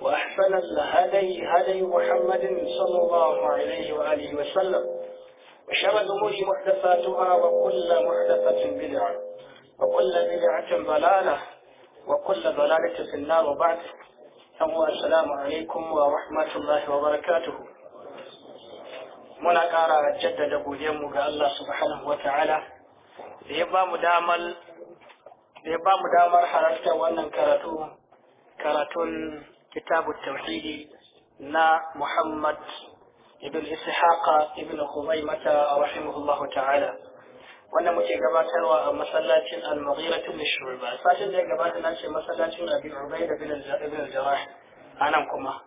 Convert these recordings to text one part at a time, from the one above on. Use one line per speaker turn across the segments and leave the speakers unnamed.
وأحسن الهدي هدي محمد صلى الله عليه وآله وسلم وشر الأمور محدثاتها وكل محدثة بدعة وكل بدعة ضلالة وكل ضلالة في النار وبعد السلام عليكم ورحمة الله وبركاته muna جدد أبو godiyarmu الله سبحانه وتعالى wa مدامل da مدامل ba وأن damar كرتون كتاب التوحيد نا محمد ابن إسحاق ابن خزيمة رحمه الله تعالى wanda muke gabatarwa a masallacin al-mughira tun shu'ba sashin da ya gabata na ce masallacin abi ubaida bin ibn jarrah anan kuma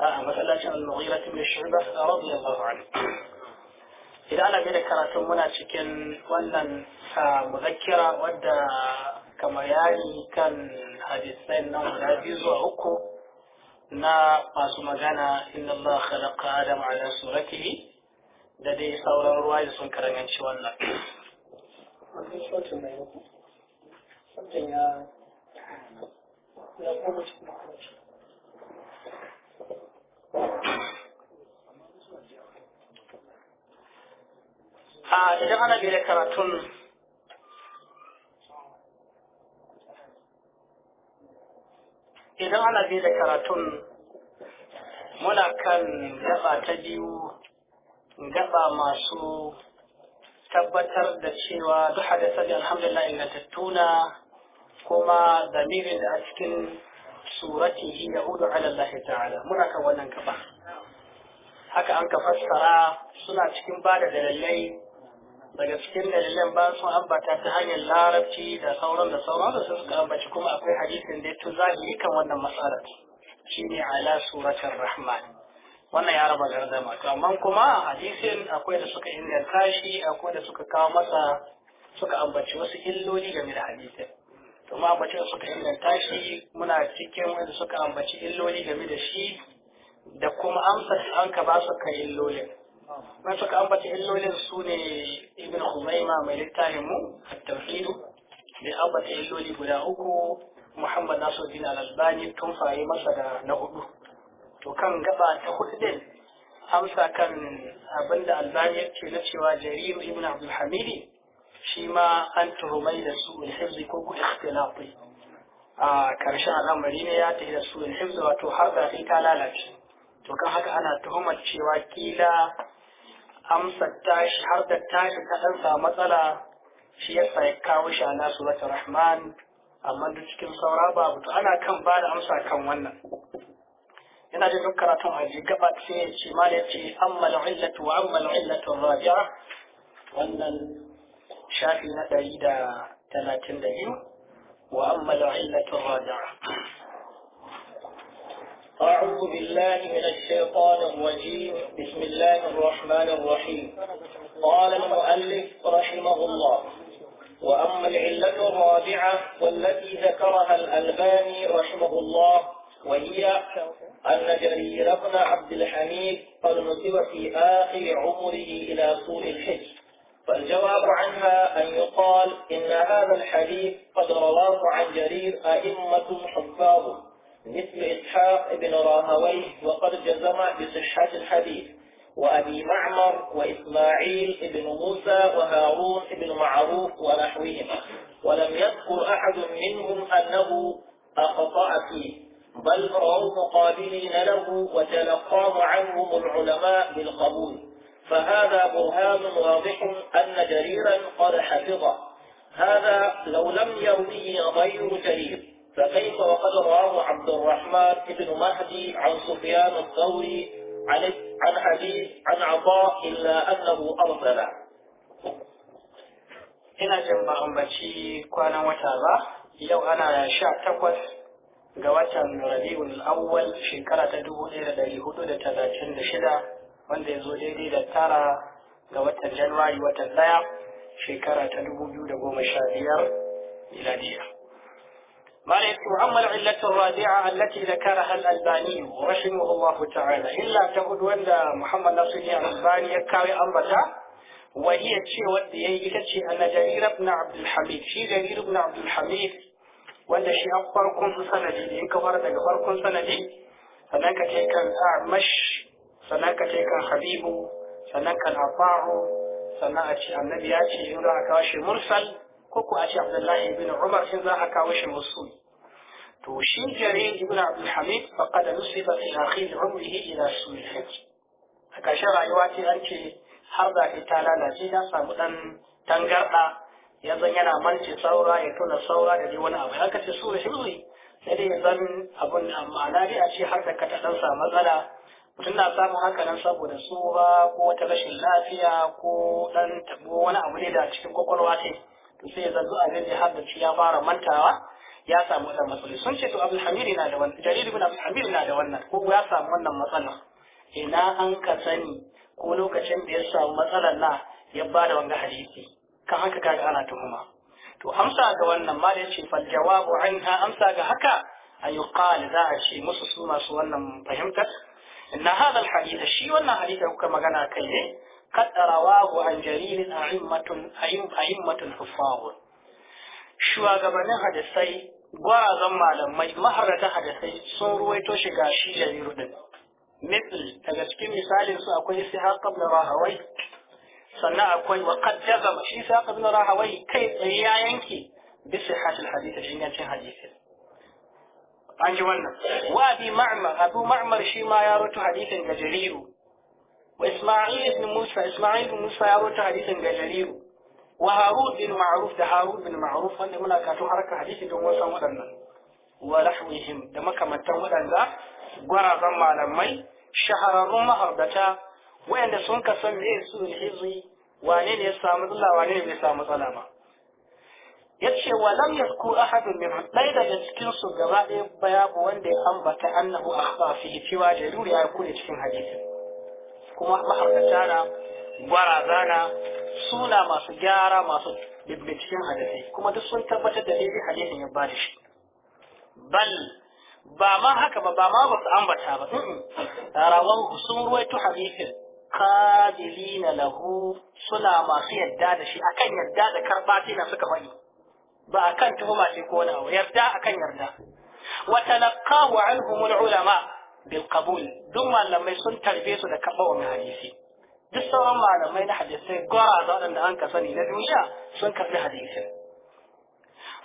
a masallacin al-mughira tun shu'ba radiyallahu anhu idan ana da karatun muna cikin wannan muzakkira wadda kama yani kan hadisai na guda zuwa uku na masu magana inna Allah khalaqa Adam ala suratihi da dai sauran ruwa da sun karanganci wannan. Wannan ah, sautin mai yau, ya ya cikin kwanci. A idan ana bi da karatun ana bi da karatun muna kan gaba ta biyu gaba masu tabbatar da cewa duk hadisar da alhamdulillah ingantattuna kuma damirin da a cikin suratihi ya hudu alallahi ta'ala muna kan wannan gaba haka an ka fassara suna cikin ba da dalilai daga cikin dalilan ba sun ambata ta hanyar larabci da sauran da sauran da su suka ambaci kuma akwai hadisin da ya zahiri kan wannan matsalar shine ala suratul rahman wannan ya raba gardama to amma kuma hadisin akwai da suka inganta shi akwai da suka kawo masa suka ambaci wasu illoli game da hadisin to ma ambaci da suka inganta shi muna cikin wanda suka ambaci illoli game da shi da kuma amsa an ka ba su kan illolin Mun suka ambata illolin su ne Ibn Khuzaima mai littafin mu at tawhid da ambata illoli guda uku Muhammad Nasiruddin Al-Albani tun faye masa da na hudu. To kan gaba ta hudu din amsa kan abinda Albani yake ce na cewa Jarir Ibn Abdul Hamidi shi ma an turmai da su hifzi ko ku ikhtilafi. A karshen al'amari ne ya tafi da su hifzi wato har da ta lalace. to kan haka ana tuhumar cewa kila amsa tashi har da tashi ta ɗan matsala shi yasa ya kawo shi a nasu wata rahman amma duk cikin saura babu to ana kan ba da amsa kan wannan yana jin duk karatun aji gaba sai ya ma ya ce amma illatu wa amma illatu rabi'a wannan shafi na ɗari da talatin da biyu wa amma illatu rabi'a أعوذ بالله من الشيطان الرجيم بسم الله الرحمن الرحيم قال المؤلف رحمه الله وأما العلة الرابعة والتي ذكرها الألباني رحمه الله وهي أن جرير بن عبد الحميد قد نسب في آخر عمره إلى سوء الحج فالجواب عنها أن يقال إن هذا الحديث قد رواه عن جرير أئمة حفاظه مثل إسحاق بن راهويه وقد جزم بصحة الحديث وأبي معمر وإسماعيل بن موسى وهارون بن معروف ونحوهما ولم يذكر أحد منهم أنه أخطأ فيه بل رأوا مقابلين له وتلقاه عنهم العلماء بالقبول فهذا برهان واضح أن جريرا قد حفظه هذا لو لم يرويه غير جرير فكيف وقد رواه عبد الرحمن بن مهدي عن سفيان الثوري عن عن حديث عن عطاء إلا أنه أرسل ina jin ba ambaci kwanan wata ba yau ana sha takwas ga watan rabi'ul awwal shekara ta dubu ɗaya da ɗari hudu da talatin da shida wanda ya zo daidai da tara ga watan januwari watan ɗaya shekara ta dubu biyu da goma sha biyar miladiya قال وأما العلة الرابعة التي ذكرها الألباني رحمه الله تعالى إلا تقول وأن محمد نصر الألباني يكاوي أنبتا وهي تشي ودي تشي أن جرير بن عبد الحميد شي جرير بن عبد الحميد وأن شي أكبر كون سندي إن كفر أكبر كون سندي سنك تيكا أعمش سنك تيكا حبيب سنك الأطاع سنك النبي ياتي يقول مرسل ko ko a ce Abdullahi ibn Umar shin za a kawo shi musul to shi jarir ibn Abdul Hamid faqad nusiba fi akhir umrihi ila sulh a kashe rayuwa ce an ce har da ita lalace ya samu dan tangarda ya zan yana mance saura ya tuna saura da dai wani abu haka ce su da ne, sai dai zan abun amma na dai a ce har da ka ta dan samu matsala mutum na samun haka nan saboda tsuwa ko wata rashin lafiya ko dan tabo wani abu ne da cikin kwakwalwa ce sai ya zanzu abin ya ya fara mantawa ya samu wannan matsala sun ce to abul hamid na da wannan jarir ibn abul hamid na da wannan ko ya samu wannan matsala ina an ka sani ko lokacin da ya samu matsalar na ya ba da wanga hadisi kan haka kaga ana tuhuma to amsa ga wannan ma da yace fal jawabu anha amsa ga haka ayyuqal za a ce musu su masu wannan fahimtar inna hadha al hadith shi wannan hadisi kuka magana kai ne قد رواه عن جرير أئمة أئمة حفاظ شو أجمعنا هذا السي وأعظم معلم ما هذا هذا السي سنروي توشجع شي جرير دم مثل تجسكي مثال سو أكون إسحاق قبل راهوي سنة أكون وقد جزم في إسحاق قبل راهوي كيف يعينك بصحة الحديث جنة حديثه an ji wannan wa abi ma'mar abu ma'mar shi ma ya rawaito hadisin ga jariru وإسماعيل بن موسى إسماعيل بن موسى يروي حديث جرير وهارون بن معروف ده هارون بن معروف wanda muna katon harkar hadisi don wasan waɗannan wa lahwihim da makamantan waɗanda gwarazan malamai shahararrun maharbata wayanda sun ka san me su hizi wane ne ya samu matsala wane ne bai samu matsala ba yace wa lam yasku ahadun min dai daga cikin su gaba ɗaya bayabu wanda ya ambata annahu akhfa fi cewa da ruriya ya kure cikin hadisin kuma ma'aikata na gwaraza na suna masu gyara masu binciken hadisai kuma duk sun tabbatar da daidai hadisin ya ba da shi bal ba ma haka ba ba ma ba su ambata ba rawan sun ruwaito hadisin na lahu suna masu yadda da shi akan yadda da karba tina suka bani ba akan tuhuma ce ko na yarda akan yarda wa talaqahu anhum ulama بالقبول دوما لما يسون تربيته ده كبا ومعاديسي دي صورة لما ينحد يسي قرى أن أنك صني لدويا سون كبلي حديثا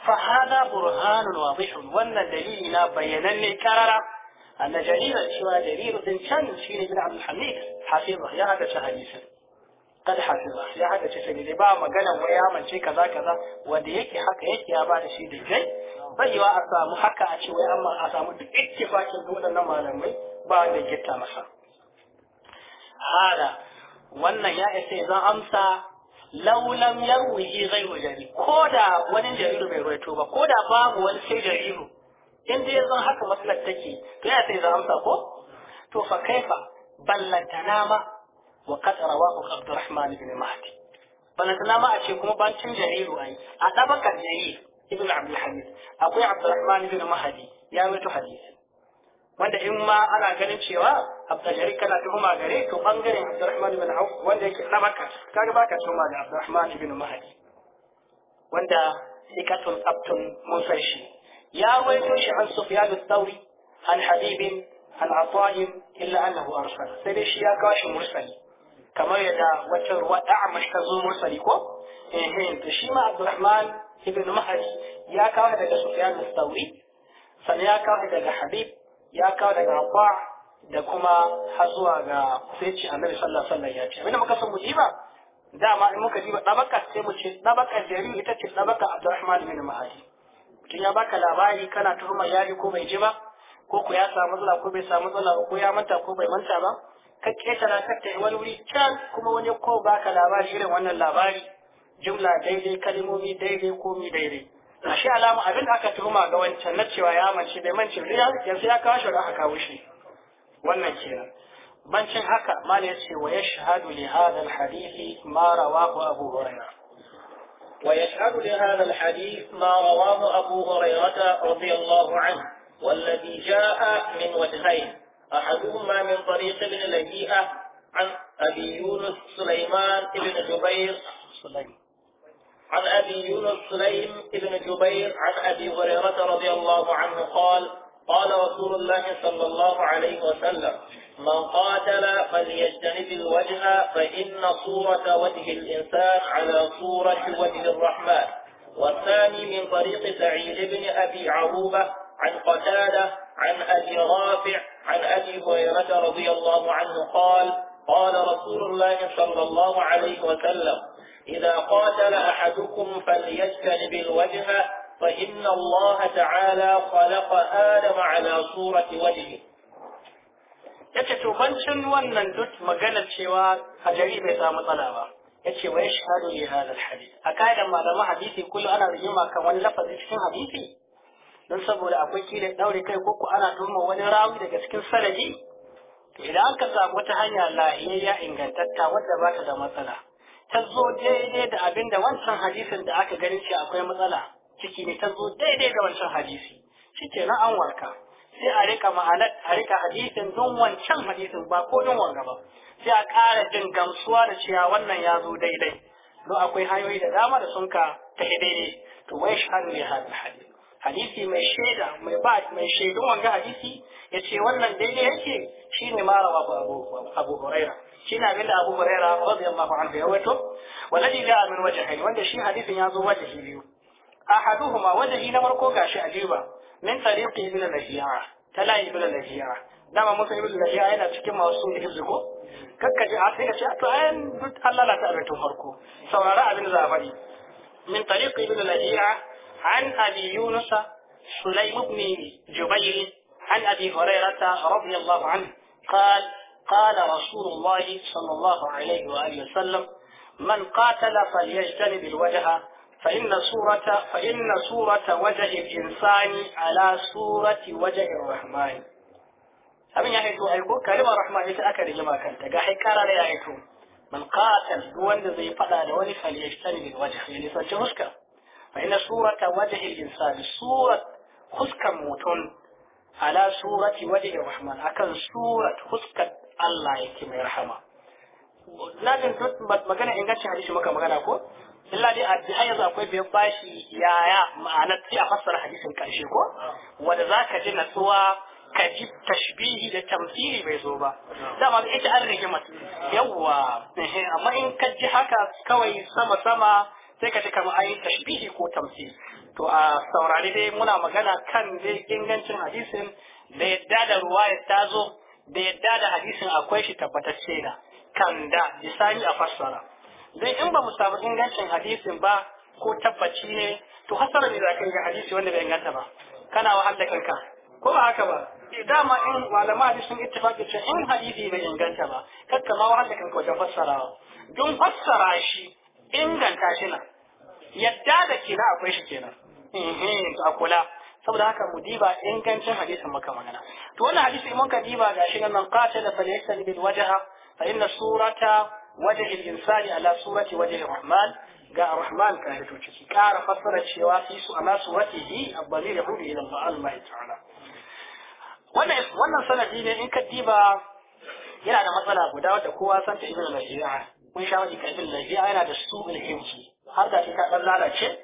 فهذا برهان واضح وأن الدليل لا بينا للكرر أن جليل الشواء جليل ذن شان سيني بن عبد الحميد حفيظه يا هذا حديثا قد حفظ يا هذا شيء اللي بقى مجانا ويعمل شيء كذا كذا وديك حكى هيك يا بعد شيء دجاي بيوا أسامو حكى أشي ويعمل أسامو اتفاق دون نما لمي بعد جت مسا هذا wannan ya isa zan amsa laulam yarwihi ghairu jari ko da wani jariru bai ruwaito ba ko da babu wani sai jariru in dai zan haka matsalar take to ya sai zan amsa ko to fa kaifa ma wa qad rawahu Abdurrahman ibn Mahdi balantana ma a ce kuma cin jariru ai a dabakar jarir ibn Abdul Hamid akwai Abdurrahman ibn Mahdi ya mutu hadisi wanda in ma ana ganin cewa Abduljarir kana tuhuma gare to bangaren Abdurrahman ibn Auf wanda yake na Makka kaga baka tuhuma da Abdurrahman ibn Mahdi wanda sikatun abtun musai shi ya waito shi an Sufyan al-Thawri an Habib an Ata'im illa annahu arsal sai dai shi ya kawo shi mursali kamar yadda wata ruwa amma ta zo mursali ko eh to shi ma Abdurrahman ibn Mahdi ya kawo daga Sufyan al-Thawri sannan ya kawo daga Habib ya kawo daga Abba, da kuma har zuwa ga sayyidi Annabi sallallahu alaihi wasallam ya ce abinda muka san mu ba dama in muka diba dabaka sai mu ce dabaka jari ita ce dabaka Abdurrahman ibn Mahdi mutum ya baka labari kana tuhuma yayi ko bai ji ba ko ku ya samu zula ko bai samu zula ko ya manta ko bai manta ba ka ketara ka ta wani wuri can kuma wani ko baka labari irin wannan labari jumla daidai kalmomi daidai komi daidai na shi alama abin da aka tuhuma ga wancan na cewa ya mance bai mance riya yanzu ya kawo shi da aka kawo shi wannan kenan bancin haka mala yace wa yashhadu li hadha alhadith ma rawahu abu hurairah ويشهد لهذا الحديث ما رواه أبو هريرة رضي الله عنه والذي جاء من وجهين أحدهما من طريق ابن لبيئة عن أبي يونس سليمان بن جبير عن أبي يونس سليم بن جبير عن أبي هريرة رضي الله عنه قال قال رسول الله صلى الله عليه وسلم من قاتل فليجتنب الوجه فإن صورة وجه الإنسان على صورة وجه الرحمن والثاني من طريق سعيد بن أبي عروبة عن قتادة عن أبي رافع عن أبي هريرة رضي الله عنه قال قال رسول الله صلى الله عليه وسلم إذا قاتل أحدكم فليجتنب الوجه فإن الله تعالى خلق آدم على صورة وجهه yace to bancin wannan duk magana cewa hajari bai samu matsala ba yace wa yashhadu li hadha alhadith a kaidan malaman hadisi kullu ana rigima kan wani lafazi cikin hadisi don saboda akwai kila daure kai ko ku ana tuhuma wani rawi daga cikin sanadi to idan an samu wata hanya lahiyayya ingantatta wadda ba ta da matsala ta zo daidai da abin da wancan hadisin da aka gani shi akwai matsala ciki ne ta zo daidai da wancan hadisi ke na an warka sai a rika ma'anar a rika hadisin don wancan hadisin ba ko don wanga ba sai a ƙara jin gamsuwa da cewa wannan ya zo daidai don akwai hanyoyi da dama da sunka ta daidai to wai shahadu ne hadisi hadisi mai shaida mai ba mai shaidun wanga hadisi ya ce wannan daidai yake shine ma rawa abu abu huraira shine abinda abu huraira radiyallahu anhu ya wato walladhi ja'a min wajhayn wanda shi hadisin ya zo waje wajhi biyu ahaduhuma wajhi na farko gashi ajiba min tariqi ibn al-lahiya tala ibn al-lahiya dama musa ibn al-lahiya yana cikin masu hizbi ko kakkaji a sai ce to ayan duk Allah la ta abin farko saurara abin zabari min tariqi ibn al-lahiya عن أبي يونس سليم بن جبير عن أبي هريرة رضي الله عنه قال قال رسول الله صلى الله عليه وآله وسلم من قاتل فليجتنب الوجه فإن سورة فإن سورة وجه الإنسان على سورة وجه الرحمن abin ya haito aiko karimar rahma ita aka rigima kanta ga haikara da ya haito man qatal duk wanda zai fada da wani falyashtani bil wajh ya nisanci huska fa inna surata wajhil insani surat huskan mutum ala surati wajhir rahman akan surat huskan Allah yake mai rahama na jin magana ingancin hadisi maka magana ko illa dai addu'a yanzu akwai bai bashi yaya ma'ana sai a fassara hadisin karshe ko wanda zaka ji na ka ji tashbihi da tamthili bai zo ba dama ita an rige mata yawwa amma in ka ji haka kawai sama sama sai ka ji kamar ayi tashbihi ko tamsil to a saurari dai muna magana kan dai ingancin hadisin da yadda da ruwaya ta zo da yadda da hadisin akwai shi tabbatacce na kan da bisani a fassara dan in ba mu samu ingancin hadisin ba ko tabbaci ne to hasara ne za ka ga hadisi wanda bai inganta ba kana wahala kanka ko ba haka ba eh, dama in malama hadisi sun ittifaqi cewa in hadisi bai inganta ba kakka ma wahala kanka wajen fassarawa don fassara shi inganta shi nan yadda da ke akwai shi kenan mhm, a kula saboda haka mu diba ingancin hadisin maka magana to wannan hadisi mun ka diba ga shi nan qatala fa yaksal bil wajha fa inna surata wajhi al insani ala surati wajhi rahman ga rahman ka hito ciki kara fassara cewa fi su ala suratihi abdali yahudu ila allah ta'ala wannan wannan sanadi ne in ka diba yana da matsala guda wadda kowa san ta ibn al-jira'a Kun sha wani kaifin lafiya yana da su'ul himki har da ka ɗan lalace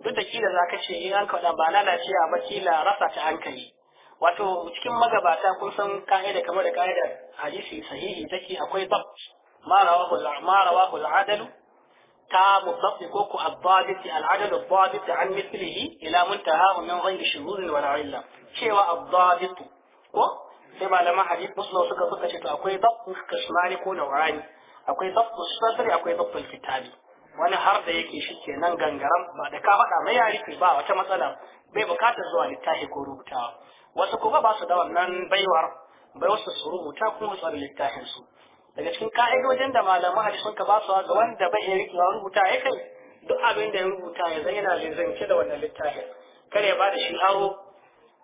duk da kila za ka ce in an kaɗa ba lalace a ba kila rasa ta hankali wato cikin magabata kun san ka'ida kamar da ka'ida hadisi sahihi take akwai bab ma rawahu ma adalu ta mubdabi ko ku abdabit al-adal abdabit an mithlihi ila muntaha min ghayri shurur wala illa cewa abdabit ko sai malaman hadisi muslim suka suka ce to akwai bab kasmani ko nawani akwai dabtu sadri akwai dabtu kitabi wani har da yake shi kenan gangaran ba da ka faɗa mai yari ba wata matsala bai bukatar zuwa littafi ko rubutawa wasu kuma ba su da wannan baiwar bai wasu su rubuta kuma su littafin su daga cikin ka'idojin da malaman hadisin ka ba su ga wanda bai iya rikewa rubuta ya kai duk abin da ya rubuta ya zai yana lizance da wannan littafin kar ya da shi aro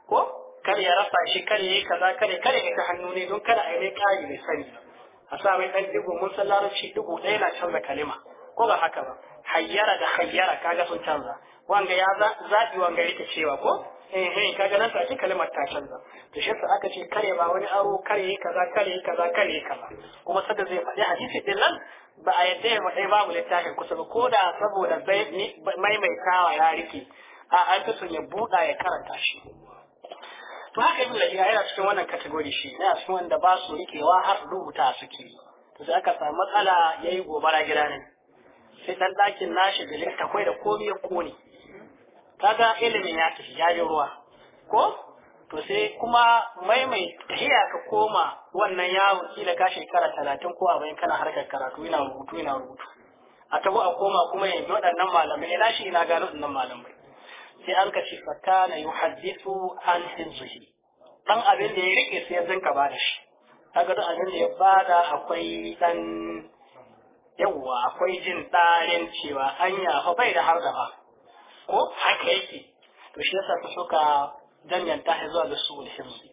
ko kar ya rasa shi kar ya yi kaza kar ya kare ta hannu ne don kada a yi mai ƙari mai sani a sa mai ɗan ɗigo mun san larabci ɗigo ɗaya na canza kalima ko ba haka ba hayyara da hayyara kaga sun canza wanga ya zaɓi wanga yake cewa ko eh eh kaga nan take kalmar ta canza to shi sa aka ce kare ba wani aro kare kaza kare kaza kare kaza kuma sada zai faɗi hadisi din nan ba a yadda ya faɗi babu littafin kusa ba ko da saboda maimaitawa ya rike a an ya buɗa ya karanta shi to haka ibn lahiya yana cikin wannan kategori shi na cikin wanda ba su rikewa har rubuta suke to sai aka samu matsala yayi gobara gida ne sai dan ɗakin nashi da littafai da komai ya kone kaga ilimin ya tafi ya ruwa ko to sai kuma maimai tahiya ka koma wannan yawon kila ka shekara talatin ko bayan kana harkar karatu yana rubutu yana rubutu a tabo a koma kuma yanzu waɗannan malamai ina shi ina gano waɗannan malamai sai an na yi hadisu an shi dan abin da ya rike sai zan ka ba da shi kaga duk abin da ya bada akwai dan yawwa akwai jin tsarin cewa anya fa bai da har da ba ko haka yake to shi yasa ka suka danganta shi zuwa da su hizzi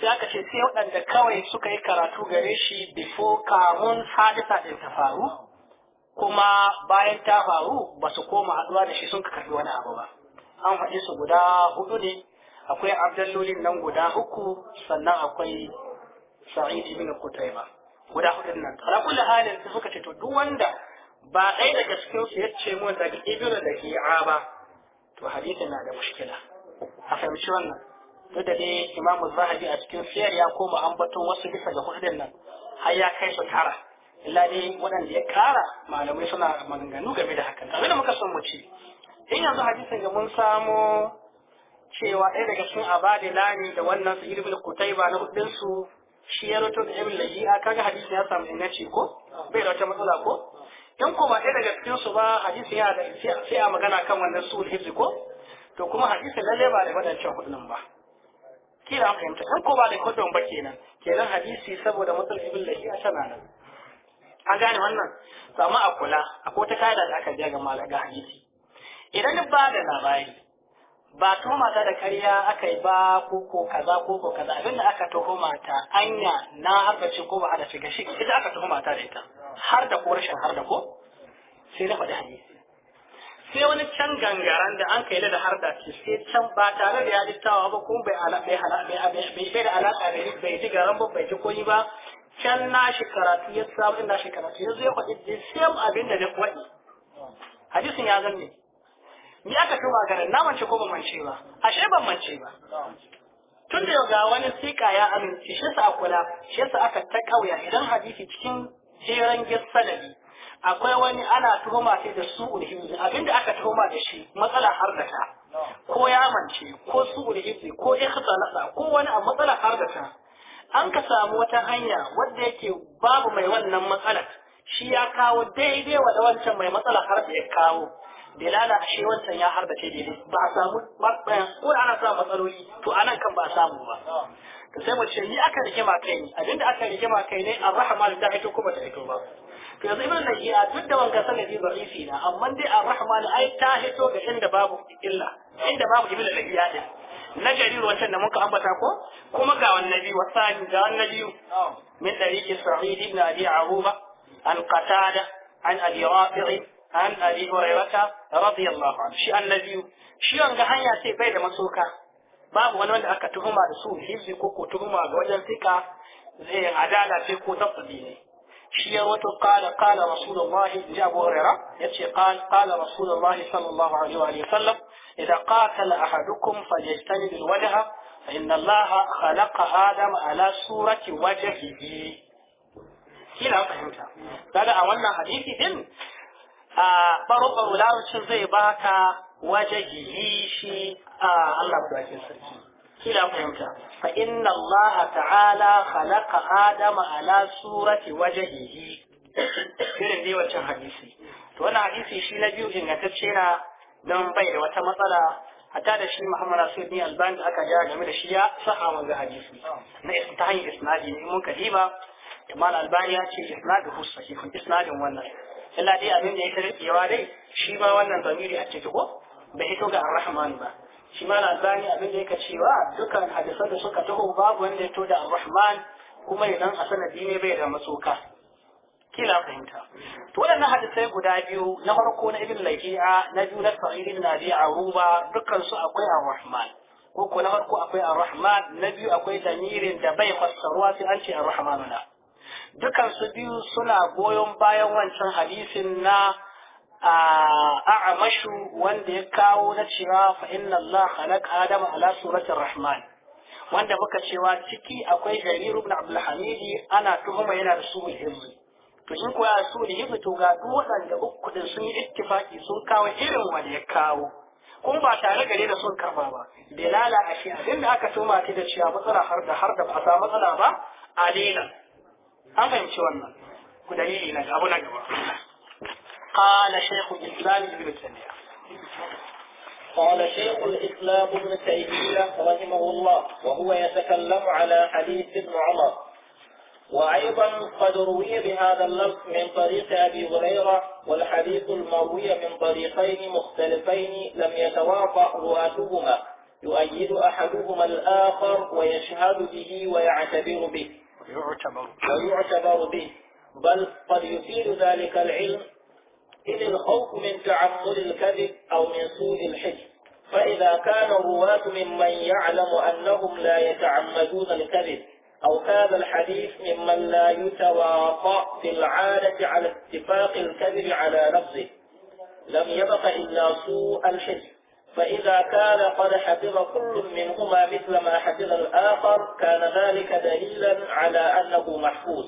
sai aka ce sai waɗanda kawai suka yi karatu gare shi before kamun hadisa din ta faru kuma bayan ta faru ba su koma haɗuwa da shi sun ka karɓi wani abu ba an faɗi su guda hudu ne akwai abdallolin nan guda uku sannan akwai sa'id ibn qutayba guda hudu nan ala halin su suka ce to duk wanda ba ɗaya daga cikin su yace mu daga ibnu da hi'a ba to hadisin na da mushkila a fahimci wannan duk da dai imamu zahabi a cikin siyar ya koma an ambaton wasu bisa ga hudun nan har ya kai su tara illa dai waɗanda ya ƙara malamai suna maganganu game da hakan abin da muka son mu ce in yanzu hadisin ga mun samo cewa ɗaya daga cikin abadi lami da wannan su ibn kutaiba na hudun su shi ya rutu da ibn a kaga hadisi ya samu inganci ko bai da wata matsala ko in ko ba ɗaya daga cikin su ba hadisi ya da sai a magana kan wannan su hizi ko to kuma hadisin lalle ba da wadancan hudun ba kila an fahimta in ko ba da hudun ba kenan kenan hadisi saboda matsalar ibn laji'a a nan an gane wannan to amma a kula akwai ta kaida da aka biya ga malaga hadisi idan ba da labari ba tuhuma ta da karya aka yi ba ko ko kaza ko ko kaza abin da aka tuhuma ta anya na harbace ko ba a da shiga shi ita aka tuhuma ta da ita har da ko rashin har da ko sai na faɗi hadisi sai wani can gangaren da an kai da har da ce sai can ba tare da ya littawa ba kuma bai alaƙa bai bai bai da alaƙa da bai ji garan ba bai ji koyi ba can nashi karatu ya samu nashi karatu yanzu ya faɗi the same abin da na faɗi hadisin ya zan ne ni aka tuba garin na mance ko ban mance ba ashe ban mance ba tun da ga wani sika ya aminci shi sa kula shi sa aka ta kauya idan hadisi cikin hiran gisalali akwai wani ana tuhuma sai da su ulhizi abinda aka tuhuma da shi matsala har da ta ko ya mance ko su ulhizi ko ikhtalasa ko wani a matsala har da ta an ka samu wata hanya wadda yake babu mai wannan matsalar shi ya kawo daidai wa wancan mai matsala har da ya kawo dalala shi wancan ya harda ce daidai ba a samu eh, ko ana samu matsaloli to anan kan ba a samu ba to sai mu ce ni aka rigima kai ne abinda aka rigima kai ne a rahama da ta ita kuma ta ito ba to yanzu ibn najiya duk da wanga sanadi na amma dai arrahman ai ta hito ga inda babu illa inda babu ibn najiya din na jarir wancan da muka ambata ko kuma ga wannan biyu wasani ga wannan biyu min dariqi sa'id ibn abi aruba an qatada an abi rafi' an abi hurairata radiyallahu anhu shi annabi shi wanga hanya sai bai da masoka babu wani wanda aka tuhuma da su hizbi ko ko tuhuma ga wajen fika zai yin adala sai ko tasbi ne shi ya wato kala kala rasulullahi ya abu hurairah yace kala kala rasulullahi sallallahu alaihi wa sallam إذا قاتل أحدكم فليجتنب الوجه فإن الله خلق آدم على صورة وجهه kila fahimta daga a wannan hadisi din a baro-baro larabcin zai baka wajahihi shi a Allah sarki kila fahimta fa ta'ala khalaqa adama ala surati wajahihi irin dai wancan hadisi to wannan hadisi shi na biyu ingantacce na don bai da wata matsala hatta da shi Muhammad Rasul bin Alban da aka ja game da shi ya saha wanga hadisi na ta hanyar isnadi ne mun kadiba Imam Albani ya ce isnadu hu sahihun isnadin wannan illa dai abin da ya tarbiyawa dai shi ba wannan zamiri a ciki ko bai hito ga Ar-Rahman ba shi ma Albani abin da yake cewa dukkan hadisan da suka taho babu wanda ya to da Ar-Rahman kuma idan a sanadi ne bai da matsoka kila fahimta to waɗannan hadisai guda biyu na farko na ibn lahi'a na biyu na sa'id ibn aruba dukkan su akwai ar-rahman ko ko na farko akwai ar-rahman na biyu akwai damirin da bai fassarwa, sai an ce ar rahman na dukkan su biyu suna goyon bayan wancan hadisin na a'amashu wanda ya kawo na cewa fa inna Allah khalaqa adama ala suratun rahman wanda muka cewa ciki akwai jarir ibn abdul hamidi ana tuhuma yana da suhul himmi to shi ko ya so ya fito ga duk waɗanda uku da sun yi ittifaki sun kawo irin wanda ya kawo kuma ba tare gare da sun karba ba bilala a shi abin da aka tuma ta da cewa matsala har da har da ba ta matsala ba alina an fahimci wannan ku dalili na abu na gaba قال شيخ الإسلام ابن تيمية قال شيخ الإسلام ابن تيمية رحمه الله وهو يتكلم على حديث ابن عمر وأيضا قد روي بهذا اللفظ من طريق أبي هريرة والحديث المروي من طريقين مختلفين لم يتوافق رؤاتهما يؤيد أحدهما الآخر ويشهد به ويعتبر به ويعتبر ويعتبر به بل قد يفيد ذلك العلم إذ الخوف من تعمل الكذب أو من سوء الحفظ فإذا كان الرواة ممن يعلم أنهم لا يتعمدون الكذب أو هذا الحديث ممن لا يتواطأ في العادة على اتفاق الكذب على نفسه لم يبق إلا سوء الحس فإذا كان قد حفظ كل منهما مثل ما حفظ الآخر كان ذلك دليلا على أنه محفوظ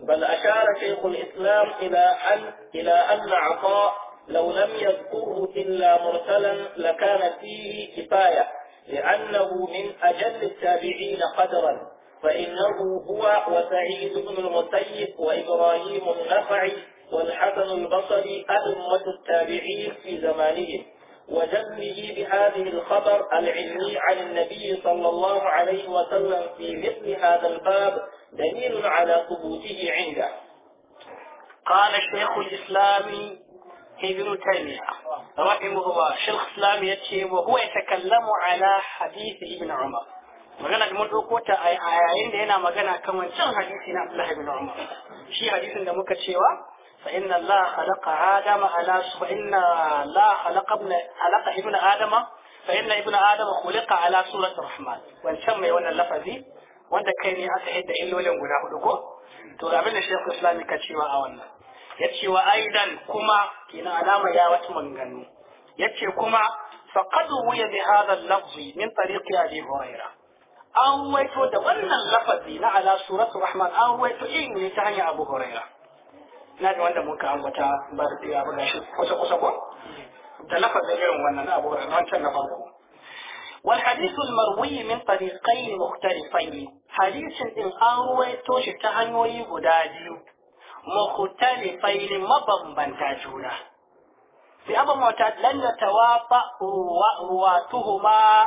بل أشار شيخ الإسلام إلى أن إلى أن عطاء لو لم يذكره إلا مرسلا لكان فيه كفاية لأنه من أجل التابعين قدرا فإنه هو وسعيد بن المسيب وإبراهيم النخعي والحسن البصري أئمة التابعين في زمانهم وجزمه بهذه الخبر العلمي عن النبي صلى الله عليه وسلم في مثل هذا الباب دليل على ثبوته عنده قال شيخ الإسلام ابن تيمية رحمه الله شيخ الإسلام يتشي وهو يتكلم على حديث ابن عمر magana da mun ɗauko ta a yayin da yana magana kan wancan hadisi na Abdullahi bin Umar shi hadisin da muka cewa fa inna Allah khalaqa Adam ala fa inna Allah khalaqa ibn khalaqa ibn Adam fa inna ibn Adam khuliqa ala surati Rahman wancan mai wannan lafazi wanda kai ne aka hidda illolin guda hudu ko to abin da Sheikh Islam ka cewa a wannan ya ce wa aidan kuma kina alama ya wata manganu ya ce kuma faqad wuya bi hadha al-lafzi min tariqi Abi Hurairah an waito da wannan lafazi na ala suratul rahman an waito in ne ta hanyar abu huraira na da wanda muka ambata ba da ya buga shi kusa kusa ko da lafazin irin wannan abu huraira wancan na farko والحديث المروي من طريقين مختلفين حديث إن أروي توش تهنوي بداديو مختلفين مبنبنتا جونا في أبا معتاد لن يتوافى رواتهما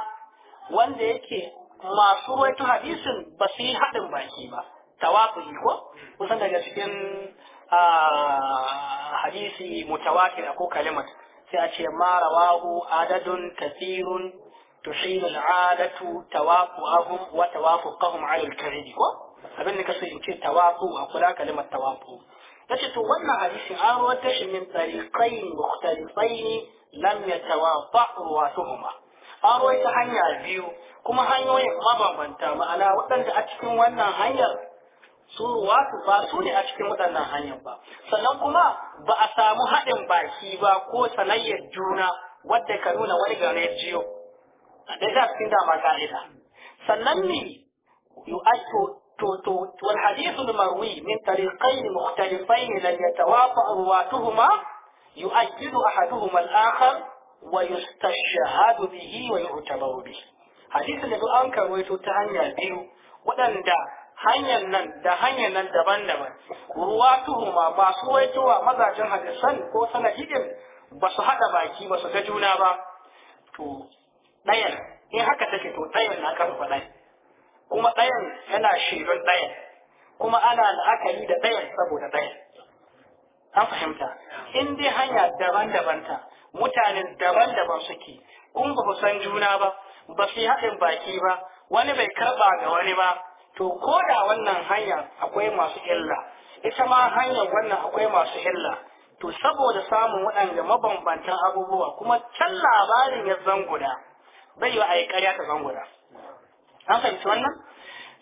wanda yake masu wato hadisin ba su yi haɗin baki ba tawafin ko kusan daga cikin ah, hadisi mutawatir ko kalimat sai a ce ma rawahu adadun kathirun tushilu al'adatu tawafu'ahum wa tawafuqahum 'ala al-kadhib ko abin da kasu in ce tawafu a kula kalimar tawafu nace to wannan hadisi an rawata shi min tariqain mukhtalifain lam yatawafa ruwatuhuma an ta hanya biyu kuma hanyoyin mabambanta ma'ana waɗanda a cikin wannan hanyar su wasu ba su ne a cikin waɗannan hanyar ba sannan kuma ba a samu haɗin baki ba ko sanayyar juna wadda ka nuna wani gare jiyo a ɗaya cikin dama ka'ida sannan ne yu'ayyo توتوت marwi min من طريقين مختلفين لن ruwatuhuma yu'ajjidu ahaduhuma al-akhar wa yustashhadu bihi wa yu'tabaru bihi hadisin da duk an karwaito ta hanya biyu waɗanda hanyar nan da hanyar nan daban-daban ruwa tuhuma masu waitowa mazajen hadisan ko sanadin ba su haɗa baki ba su ga juna ba to ɗayan in haka take to ɗayan na karfa ɗayan kuma ɗayan yana shirin ɗayan kuma ana la'akari da ɗayan saboda ɗayan an fahimta in dai hanya daban-daban ta mutane daban-daban suke kun ba san juna ba ba su haɗin baki ba wani bai karɓa ga wani ba to ko da wannan hanya akwai masu illa ita ma hanyar wannan akwai masu illa to saboda samun waɗanda mabambantan abubuwa kuma can labarin ya zanguda bai yi ƙarya ta zanguda an fahimci wannan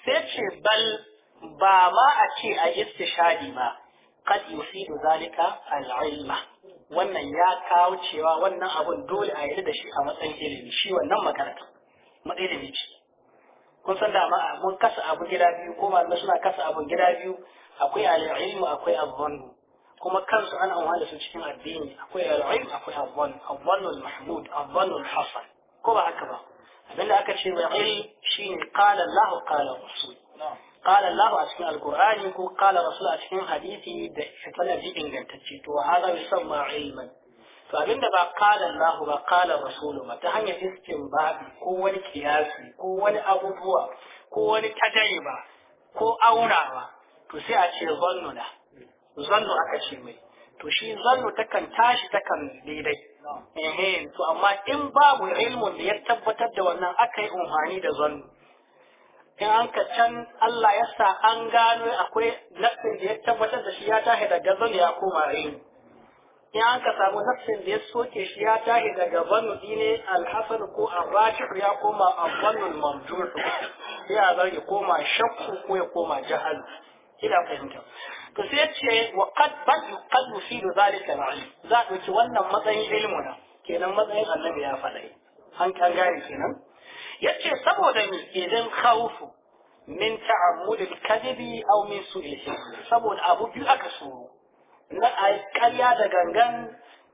sai ce bal ba ma a ce a istishadi ba kad da zalika al'ilma wannan ya kawo cewa wannan abun dole a yi da shi a matsayin ilimi shi wannan makaranta matsayin ce kun san da ma mun kasa abu gida biyu ko ma suna kasa abu gida biyu akwai al-ilmu akwai al-dhann kuma kansu ana amfani da su cikin addini akwai al-ilm akwai al-dhann al-dhann al-mahmud al-dhann al-hasan ko ba haka ba abinda aka ce wa ilm shine qala Allah qala rasul na'am qala Allah a cikin alqur'ani ko kala rasul a cikin hadisi da sanadi ingantacce to hada yusamma ilman to abinda ba qala Allah ba kala rasul ba ta hanyar istinbabi ko wani kiyasi ko wani abubuwa ko wani tadayba ko aurawa to sai a ce zannuna zannu aka ce mai to shi zannu takan tashi takan daidai ehe to amma in babu ilmun da ya tabbatar da wannan aka yi umhani da zannu in an ka can Allah ya sa an gano akwai nafsin da ya tabbatar da shi ya tahi daga zanu ya koma rayu in an ka samu nafsin da ya soke shi ya tahi daga zanu dine alhasan ko arrajihu ya koma abbanul mamdur ya zan ya koma shakku ko ya koma jahal ina fahimta to sai ce wa qad bal yuqallu fi zalika al za a ɗauki wannan matsayin ilmuna kenan matsayin annabi ya faɗa an kan gane kenan yace saboda idan khawfu min ta'ammul al-kadhibi aw min su'i saboda abu biyu aka so na ay kariya da gangan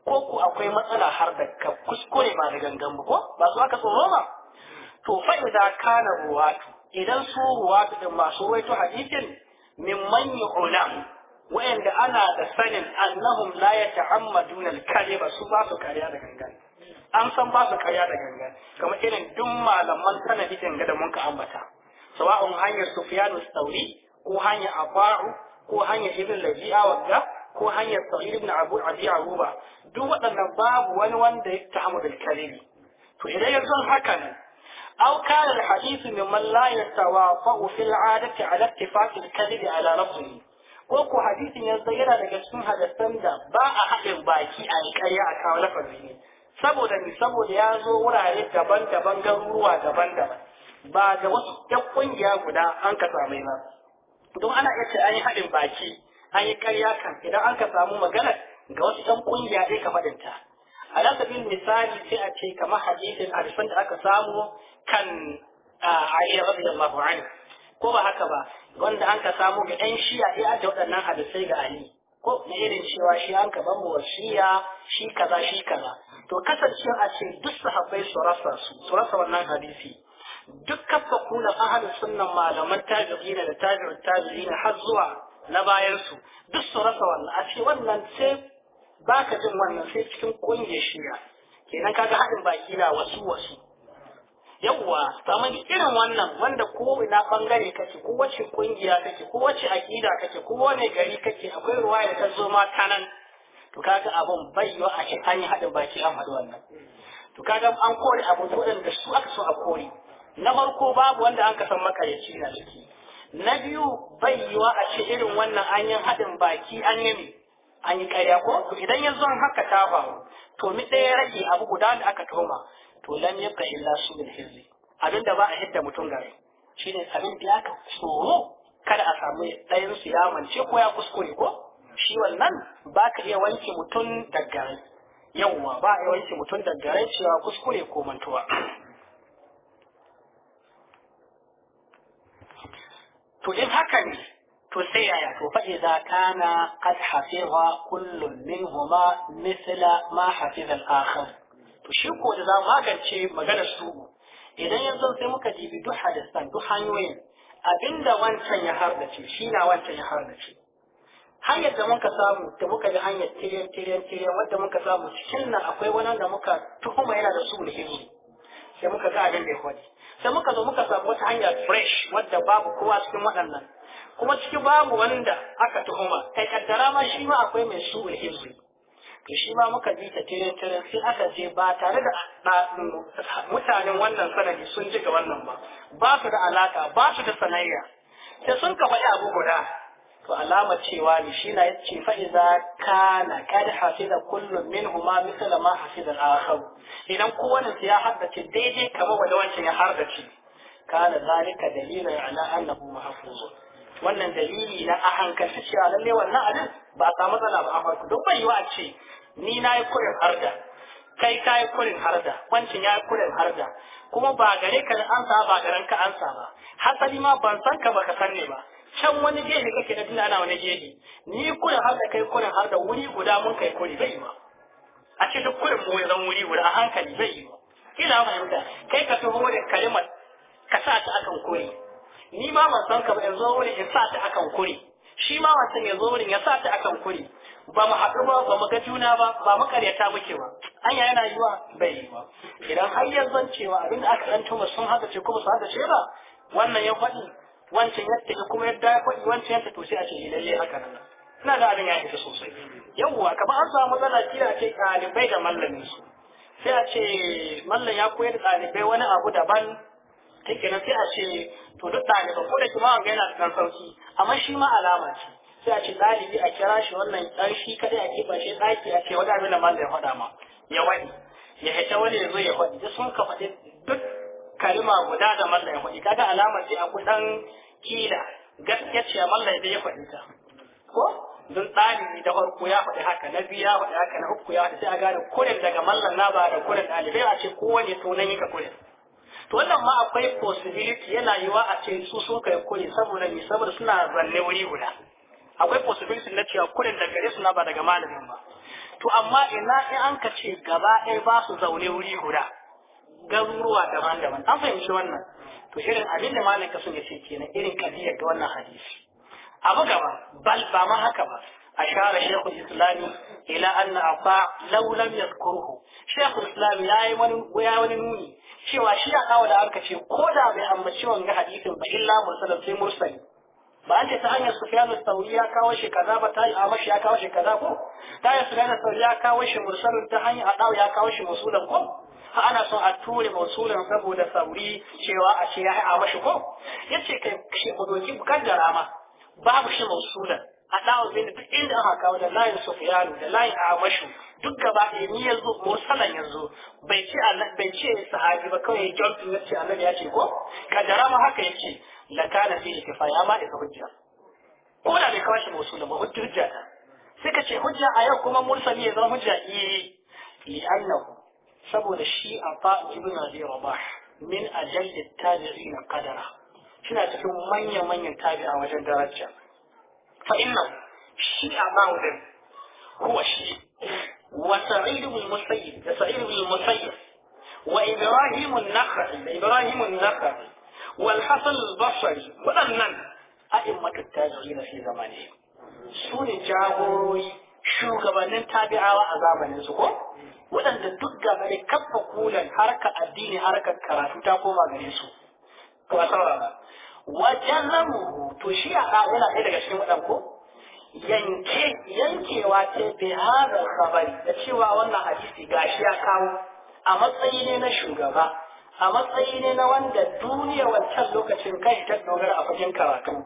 ko ku akwai matsala har da ka kuskure ba da gangan ba ko ba su aka tsoro ba to fa idza kana ruwatu idan su ruwatu din masu waito hadithin min man yu'lam wa'anda ana da sanin annahum la yata'ammaduna al-kadhiba su ba su kariya da gangan an san ba su karya da ganga kamar irin duk malaman sanadi ganga da mun ka ambata sawa'un hanyar sufiyanu sauri ko hanyar afaru ko hanyar ibn labi'a wadda ko hanyar sa'id ibn abu abi Ruba, duk waɗannan babu wani wanda ya ta'amu bil kalimi to idan ya zo haka aw kana al hadith min man la yatawafa'u fil 'adati 'ala ittifaq al kalimi 'ala lafzihi ko ko hadisin yanzu yana daga cikin hadisan da ba a haɗin baki a ƙarya a kawo lafazi saboda ni saboda ya zo wurare daban-daban garuruwa daban-daban ba da wasu ɗan ƙungiya guda an ka same ba don ana iya ce an yi haɗin baki an yi ƙarya kan idan an ka samu magana ga wasu ɗan ƙungiya ɗaya ka faɗinta a lasabin misali sai a ce kamar hadisin hadisan da aka samu kan Ali radiyallahu anhu ko ba haka ba wanda an ka samu ga ɗan shiya ɗaya da waɗannan hadisai ga Ali ko na irin cewa shi an ka ban wa shiya shi kaza shi kaza to kasance a ce duk sahabbai su rasa su su rasa wannan hadisi duk kafa kuna ahalin sunnan malaman tabi'ina da tabi'ut tabi'ina har zuwa na bayan duk su rasa wannan a ce wannan sai baka jin wannan sai cikin kungiyar shiya kenan kaga haɗin baki na wasu wasu yawwa samun irin wannan wanda ko ina bangare kake ko wace kungiya kake ko wace akida kake ko wane gari kake akwai ruwaya ta zo ma ta nan to kaga abun bai yiwa a ce an yi haɗin baki an haɗu wannan to kaga an kore abu da su aka so a kore na farko babu wanda an kasan makayaci na ciki na biyu bai yiwa a ce irin wannan an yi haɗin baki an yi ne an yi ƙarya ko to idan ya zo haka ta faru to mi ɗaya rage abu guda da aka toma to lam yabqa illa subil hizbi abinda ba a hidda mutum gare shine abin da aka tsoro kada a samu ɗayan su ya mance ko ya kuskure ko shi wannan ba ka iya wanke mutum daggare yawwa ba a wanke mutum daggare cewa kuskure ko mantuwa to in haka ne to sai yaya to fa idza kana qad hafiza kullun minhuma misla ma hafiza al-akhar to shi ko da za magance maganar su idan yanzu sai muka dibi duk hadisan duk hanyoyin abinda wancan ya harbace shi na wancan ya harbace hanyar da muka samu da muka bi hanyar tiryan tiryan tiryan wadda muka samu cikin nan akwai wani da muka tuhuma yana da su da ilmi sai muka ga abin da ya kwani sai muka zo muka samu wata hanya fresh wadda babu kowa cikin waɗannan kuma cikin babu wanda aka tuhuma kai kaddara ma shi ma akwai mai su da ilmi to shi ma muka bi ta tiryan tiryan sai aka je ba tare da mutanen wannan sanadi sun ji ga wannan ba ba su da alaka ba su da sanayya sai sun kafa abu guda to alamar cewa ne shi na yace fa iza kana kad hafiza kullu minhuma mithla ma hafiza al-akhar idan kowane su ya haddace daidai kamar wanda wancan ya haddace kana zalika dalilan wannan dalili na a hankalci cewa lalle wannan abin ba a samu matsala ba a farko don bai yiwa ce ni na yi kurin harda kai ka yi kurin harda wancan ya yi kurin harda kuma ba gare ka an ba garan ka ansa ba hasali ma ban san ka ka san ne ba can wani gehe kake na tunana wani gehe ni kuna har da kai kuna har da wuri guda mun kai kuri bai ma a ce duk kurin mu zan wuri guda a hankali bai yi ba kila kai ka tuhu da kalimar ka sa ta akan kuri ni ma ban san ka ba yanzu wurin ya sa ta akan kuri shi ma wancan ya zo wurin ya sa ta akan kuri ba mu haɗu ba ba mu ga juna ba ba mu karyata muke ba an yana yiwa bai yi ba idan har yanzu cewa abin da aka ɗan tuma sun haka ce kuma su haka ce ba wannan ya faɗi wancan yadda ya kuma yadda ya faɗi wancan yadda to sai a ce eh, lalle haka nan ina da abin ya isa sosai yawwa kamar an samu matsala kila a ce ɗalibai da mallamin su sai a ce mallam ya koyar da ɗalibai wani abu daban take nan sai a ce to duk ɗalibai ko da kuma an yana da sauki amma shi ma alama ce sai a ce ɗalibi a kira shi wannan ɗan shi kaɗai a kifa shi ɗaki a ce wani abin da mallam ya faɗa ma ya wani ya hita wani ya zo ya faɗi duk sun ka faɗi duk kalima guda da mallan ya faɗi kaga alama sai a dan kila gaskiya ce mallan da ya faɗi ta ko don ɗalibi da farko ya faɗi haka na biyu ya faɗi haka na uku ya faɗi sai a gane kurin daga mallan na ba da kurin ɗalibai a ce kowane sunan yi ka kurin to wannan ma akwai possibility yana yiwa a ce su sun kai kuri saboda mi saboda suna zanne wuri guda akwai possibility na cewa kurin daga gare suna ba daga malamin ba to amma ina in an ka ce gaba ɗaya ba su zaune wuri guda garuruwa daban-daban an fahimci wannan to irin abinda malaka sun yace kenan irin kadiyar da wannan hadisi abu gaba bal ba ma haka ba a share shekul islami ila anna afa law lam yadhkuruhu shekul islam ya yi wani nuni cewa shi da kawo da aka ce ko da bai ambaci wannan hadisin ba illa musallam sai mursali ba ake ce ta hanyar Sufyan al sauri ya kawo shi kaza ba ta yi mashi ya kawo shi kaza ko ta su Sufyan al sauri ya kawo shi mursalin ta hanyar Adaw ya kawo shi musulan ko ha ana son a ture masulan saboda sauri cewa a ce ya yi mashi ko Ya ce kai shi budoki da rama babu shi a Adaw bin duk inda aka kawo da layin Sufyan da layin mashi duk gaba ɗaya ni yanzu mursalan yanzu bai ce bai ce sahabi ba kawai ya ce annabi ya ce ko da rama haka ya ce. لكان فيه كفاية ما إذا هجة أولا بكواش الوصول ما هجة هجة سيكا شي هجة أيو كما مرسل يدا هجة إيه لأنه سبب الشيء أعطاء ابن أبي رباح من أجل التابعين قدرة شنا تكون من يمن يتابع وجه درجة فإن الشيء أعطاء هو الشيء وسعيد بن المسيب سعيد بن المسيب
وإبراهيم
النخعي إبراهيم النخعي wal hasan al basri waɗannan a'immatul tabi'in fi zamani su ne jagorori shugabannin tabi'awa a zamanin su ko waɗanda duk gaba kafa kulan harka addini harkar karatu ta koma gare su wajen lamu to shi a yana ɗaya daga cikin waɗan ko yankewa ce bai hada khabari da cewa wannan hadisi gashi ya kawo a matsayi ne na shugaba a matsayi ne na wanda duniya wancan lokacin kai ta dogara a fagen karatu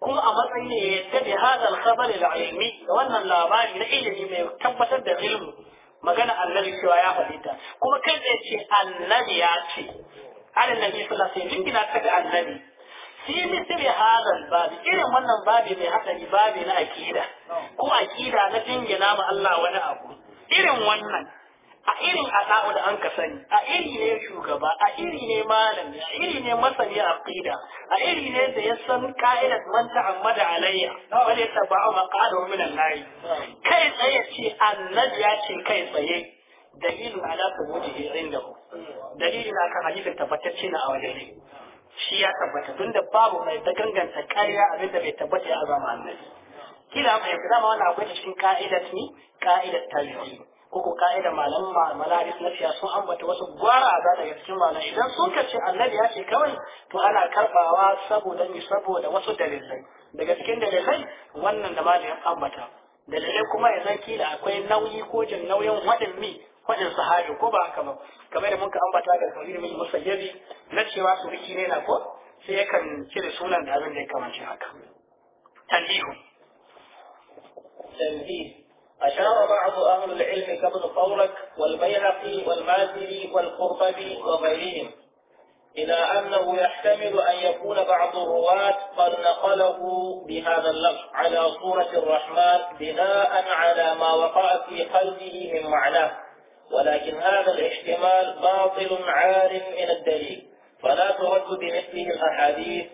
kuma a matsayi ne ya yadda hadal khabari da ilmi da wannan labari na ilimi mai tabbatar da ilmi magana annabi cewa ya fahimta kuma kai zai ce annabi ya ce annabi sallallahu alaihi wasallam gina ta ga annabi fi misiri hadal babi irin wannan babi mai haɗari babi na akida ko akida na dingina ma Allah wani abu irin wannan a irin ada'u da an ka sani a iri ne shugaba a iri ne malami a iri ne masani ƙida, a iri ne da ya san manta man da alayya wani la a maqalahu wa minan layi kai tsaye ce annabi ya ce kai tsaye dalilin ala da indahu dalilin aka hadisin tabbatacce na a wajen ne shi ya tabbata da babu mai ta ganganta ƙarya abinda bai tabbata ya zama annabi kila mai zama wani akwai cikin ka'idat ni ka'idat tarihi koko ka'ida malaman malaris na fiya sun ambata wasu gwara a daga cikin malam idan sun ce annabi ya ce kawai to ana karbawa saboda ni saboda wasu dalilai daga cikin dalilai wannan da ya ambata dalilai kuma ya zan kila akwai nauyi ko jin nauyin wadin mi wadin sahabi ko ba haka ba kamar da muka ambata da kawai mai musayyabi na cewa suriki ne na ko sai yakan cire sunan da abin da ya kamace haka tanbihu tanbihu أشار بعض أهل العلم كابن قولك والبيهقي والمازري والقرطبي وغيرهم إلى أنه يحتمل أن يكون بعض الرواة قد نقله بهذا اللفظ على صورة الرحمن بناء على ما وقع في قلبه من معناه ولكن هذا الاحتمال باطل عار من الدليل فلا ترد بمثله الأحاديث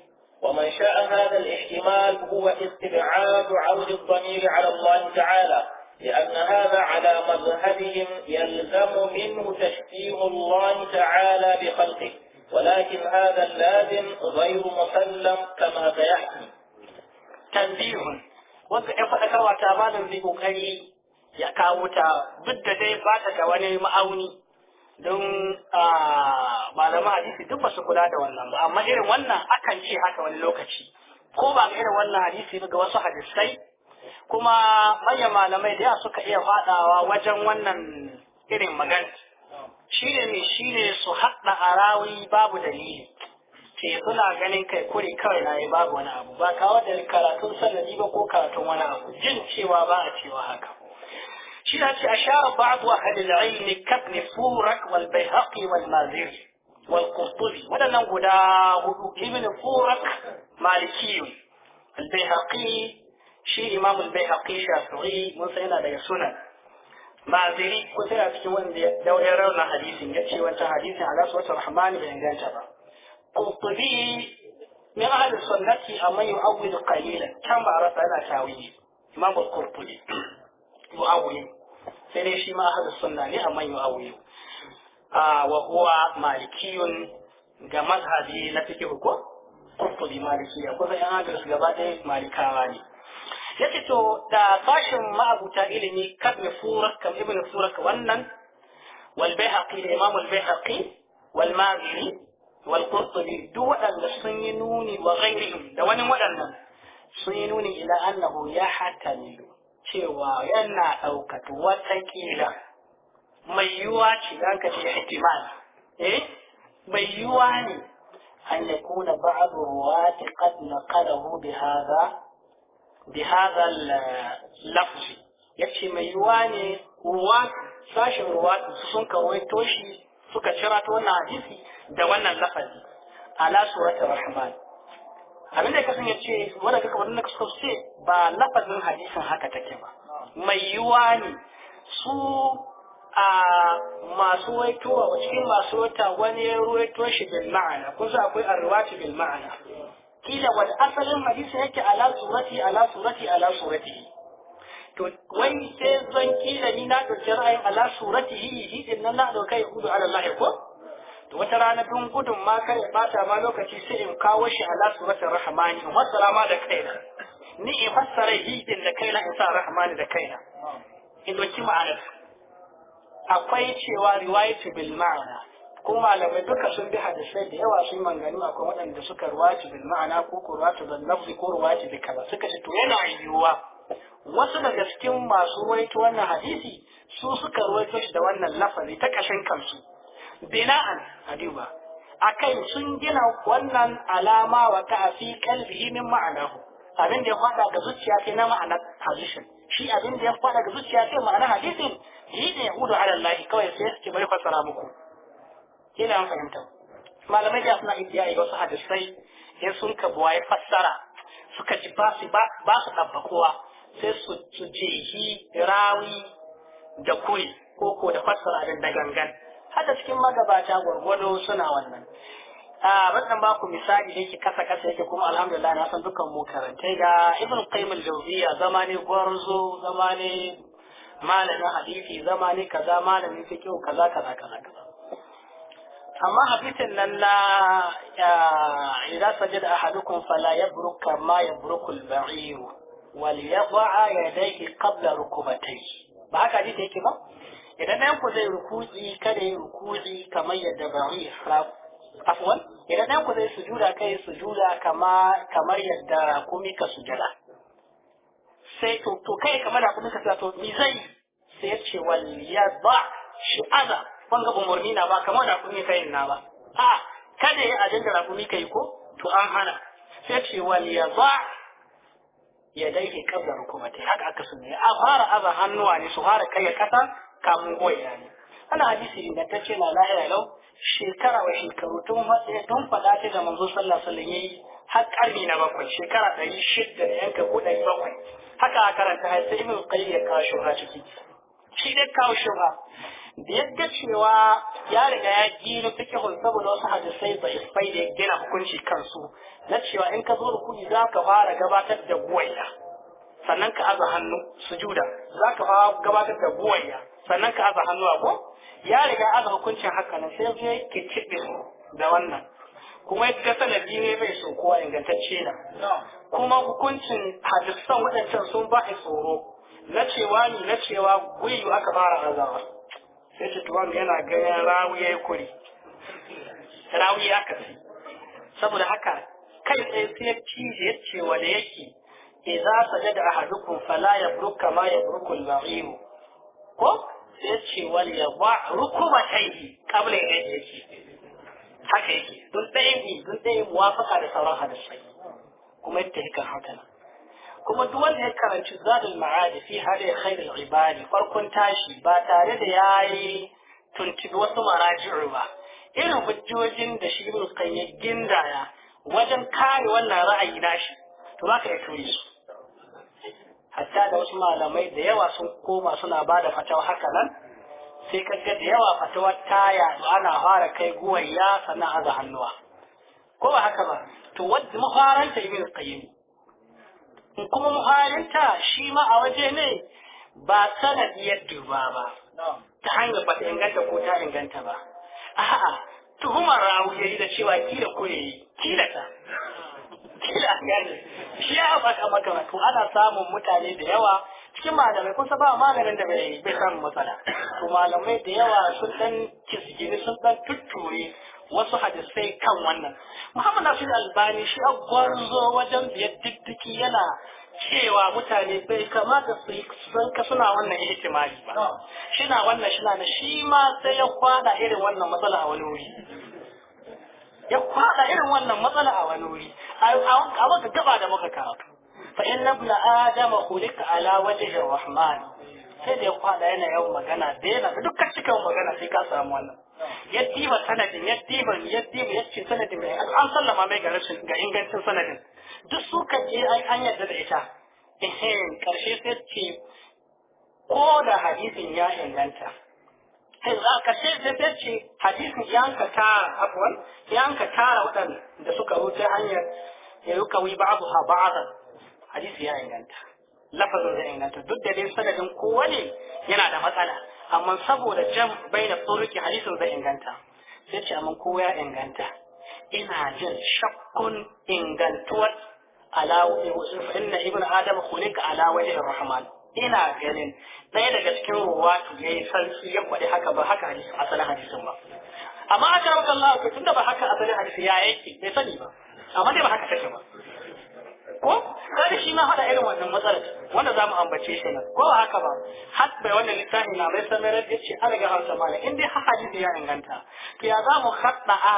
ومن شاء هذا الاحتمال هو استبعاد عود الضمير على الله تعالى لأن هذا على مذهبهم يلزم منه تشبيه الله تعالى بخلقه ولكن هذا اللازم غير مسلم كما سيحكي تنبيه wasu ‘yan faɗakarwa ta malam zai ƙoƙari ya kawo ta duk da dai ba ta da wani ma'auni don malaman hadisi duk ba su kula da wannan ba amma irin wannan akan ce haka wani lokaci ko ba irin wannan hadisi ga wasu hadisai kuma manyan malamai da suka iya faɗawa wajen wannan irin magana shi ne mai shi ne su haɗa arawi babu dalili ke suna ganin kai kuri kawai na yi babu wani abu ba kawo da karatun sanadi ba ko karatun wani abu jin cewa ba a cewa haka shi na ce a shara ba'adu a halil ilmi ne furak wal bayhaqi wal maziri wal qurtubi waɗannan guda hudu ibn furak maliki al bayhaqi shi imamu bai haƙi shafi'i mun san yana daga sunan ma'aziri ko a cikin wanda ya dauya rauna hadisin ya ce wancan hadisin ala suwata rahman bai inganta ba qurtubi min ahli sunnati amma yu'awwid qalilan kan ba rasa yana tawili imam al-qurtubi yu'awwid sai dai shi ma ahli sunna ne amma yu'awwid a wa huwa malikiyun ga mazhabi na fiqh ko qurtubi malikiya ko sai an ga gaba ɗaya malikawa ne yace to da sashin ma'abuta ilimi kan ya furak kam ibn furak wannan wal bayhaqi da imam al bayhaqi wal mazi wal qurtubi duk waɗanda sun yi nuni wa ghairihim da wani waɗannan. sun yi nuni ila annahu ya hatamilu cewa yana daukatu wata kila mai yiwuwa ce an ka ce ihtimal eh mai yiwuwa ne an yakuna ba'd ruwati qad naqalahu bi hadha بهذا اللفظ yace mai yiwuwa ne ruwa sashen ruwa sun kawaito shi suka cira ta wannan hadisi da wannan lafazi ala surat rahman abin da kasan yace wanda kaka wannan kaka ce ba lafazin hadisin haka take ba mai yiwuwa ne su a masu waitowa cikin masu wata wani ya ruwaito shi bil ma'ana kun akwai arwati bil ma'ana kila wani asalin hadisi yake ala surati ala surati ala surati to wai sai zan kila ni na ɗauki ra'ayin ala surati yi yi, din nan na ɗauka ya gudu ala Allah ko to wata rana dun gudun ma kar bata ma lokaci sai in kawo shi ala suratin rahmani in fassara ma da kaina ni in fassara yi din da kaina in sa rahmani da kaina in ɗauki ma'anar akwai cewa riwayatu bil ma'ana ko malamai duka sun bi hadisai da yawa sun mangani akwai waɗanda suka ruwaci bil ma'ana ko ko ruwaci bil lafzi ko ruwaci bil kaza suka ce to yana yiwuwa wasu daga cikin masu ruwaito wannan hadisi su suka ruwaito shi da wannan lafazi ta kashin kansu bina'an hadiba akan sun gina wannan alama wa ta'fi kalbihi min ma'anahu abin da ya fada ga zuciya sai na ma'anar hadisin shi abin da ya fada ga zuciya sai ma'anar hadisin yi da hudu ala Allah kawai sai suke bai bari fasara muku ina yin fahimta malamai da suna yi wasu hadisai in sun buwa ya fassara suka ji ba su sai su jehi rawi da kuri ko ko da fassara da gangan haka cikin magabata gwargwado suna wannan a wannan ba ku misali da yake kasa kasa yake kuma alhamdulillah na san dukkan mu karantai ga ibn qayyim al jawziya zama ne gwarzo zama malamin hadisi zama kaza malamin fiqh kaza kaza kaza kaza amma hadisin nan na idan sajid ahadukum fala yabruk kama yabrukul ba'ir wal yada'a yadayhi qabla rukubatayhi ba haka hadisi yake ba idan ɗayan ku zai ruku'i kada ya ruku'i kamar yadda ba'ir afwan idan ɗayan ku zai sujuda kai sujuda kama kamar yadda kumi ka sujuda sai to kai kamar da kumi ka sujuda to mi zai sai ya ce wal yada shi'aza wanga umarni na ba kamar rakumi kayin na ba a kada ya ajin da rakumi kai ko to an hana sai ce wal yadha yadayhi qabla rukumati haka aka sunne a fara aza hannuwa ne su fara kai kasa kamun goya ne ana hadisi ce na lahira lau shekara wa shekaru tun tun faɗa ta da manzo sallallahu alaihi wasallam yayi har ƙarni na bakwai shekara ɗari shida da yanka ko ɗari bakwai haka a karanta har sai ibn qayyim ya kawo shubha ciki shi dai kawo shubha da yadda cewa ya riga ya gina fikihun saboda wasu hadisai da isfai da ya gina hukunci kansu na cewa in ka zo rukuni za ka fara gabatar da guwaya sannan ka aza hannu sujuda za ka fara gabatar da guwaya sannan ka aza hannu ko ya riga aza hukuncin haka na sai zai kicibin cibe da wannan kuma yadda sanadi ne bai so kowa ingantacce na kuma hukuncin hadisan waɗancan sun ba tsoro na cewa ni na cewa guyu aka fara azawa sai ce yana ganin rawu ya yi kuri rawu ya kasi saboda haka kai tsaye sai ya cije ya ce su yake idza sajada ahadukum fala ya yabruk kama ya al-la'im ko sai ya ce wal yawa ya yi yake haka yake dun ɗayan dun ɗayan muwafaka da sauran hadisai kuma yadda hikan haka kuma duk wanda ya karanci zadul ma'adi fi hada khairul ibadi farkon tashi ba tare da yayi tuntubi wasu maraji'u ba irin hujjojin da shi ibn qayyim gindaya wajen kare wannan ra'ayi nashi to baka ya ture su hatta da wasu malamai da yawa sun koma suna ba da fatawa haka nan sai ka ga da yawa fatawar ta yaɗu ana fara kai guwayya sannan aza hannuwa ko ba haka ba to wadda mafaranta ibn qayyim kuma muhalinta shi ma a waje ne ba sanadiyar duba ba ta hanyar ba ta inganta ko ta inganta ba a'a tuhumar rawu ya yi da cewa kila ko ya yi kila ta kila gani shi ya ka maka to ana samun mutane da yawa cikin malamai kusa ba malamin da bai bai samu matsala to malamai da yawa sun dan kisgini sun dan tutture wasu hadisai kan wannan Muhammad Nasir Albani shi a gwarzo wajen biyar diddiki yana cewa mutane bai kamata su yi san ka suna wannan ihtimali ba shina wannan shina na shi ma sai ya kwada irin wannan matsala a wani wuri ya kwada irin wannan matsala a wani wuri a wata gaba da muka karatu fa inna ibn adama khuliqa ala wajhi rahman sai da ya kwada yana yawan magana da yana dukkan cikin magana sai ka samu wannan ya sanadin ya diba ya diba ya sanadin mai an sallama mai ga rashin ga ingancin sanadin duk su ka je ai an yadda da ita ehem karshe sai ce ko da hadisin ya inganta karshe sai sai ce hadisin yanka tara afwan yanka tara waɗanda suka wuce hanyar ya yi kawai ba'adu ha ba'ada hadisi ya inganta lafazin ya inganta duk da dai sanadin kowane yana da matsala amma saboda jam bai da tsoruki hadisin zai inganta sai ce amma kowa ya inganta ina jin shakkun ingantuwar ala inna ibn adam khuliqa alawai wajhi rahman ina ganin ɗaya daga cikin ruwatu ya yi sarki ya faɗi haka ba haka hadisi asalin hadisin ba amma aka rabta Allah tunda ba haka asalin hadisi ya yake bai sani ba amma dai ba haka take ba ko kada shi ma hada irin wannan matsalar wanda mu ambace shi nan ko haka ba har bai wannan littafi na mai samarar yace an riga har samala in dai hadisi ya inganta to ya zamu a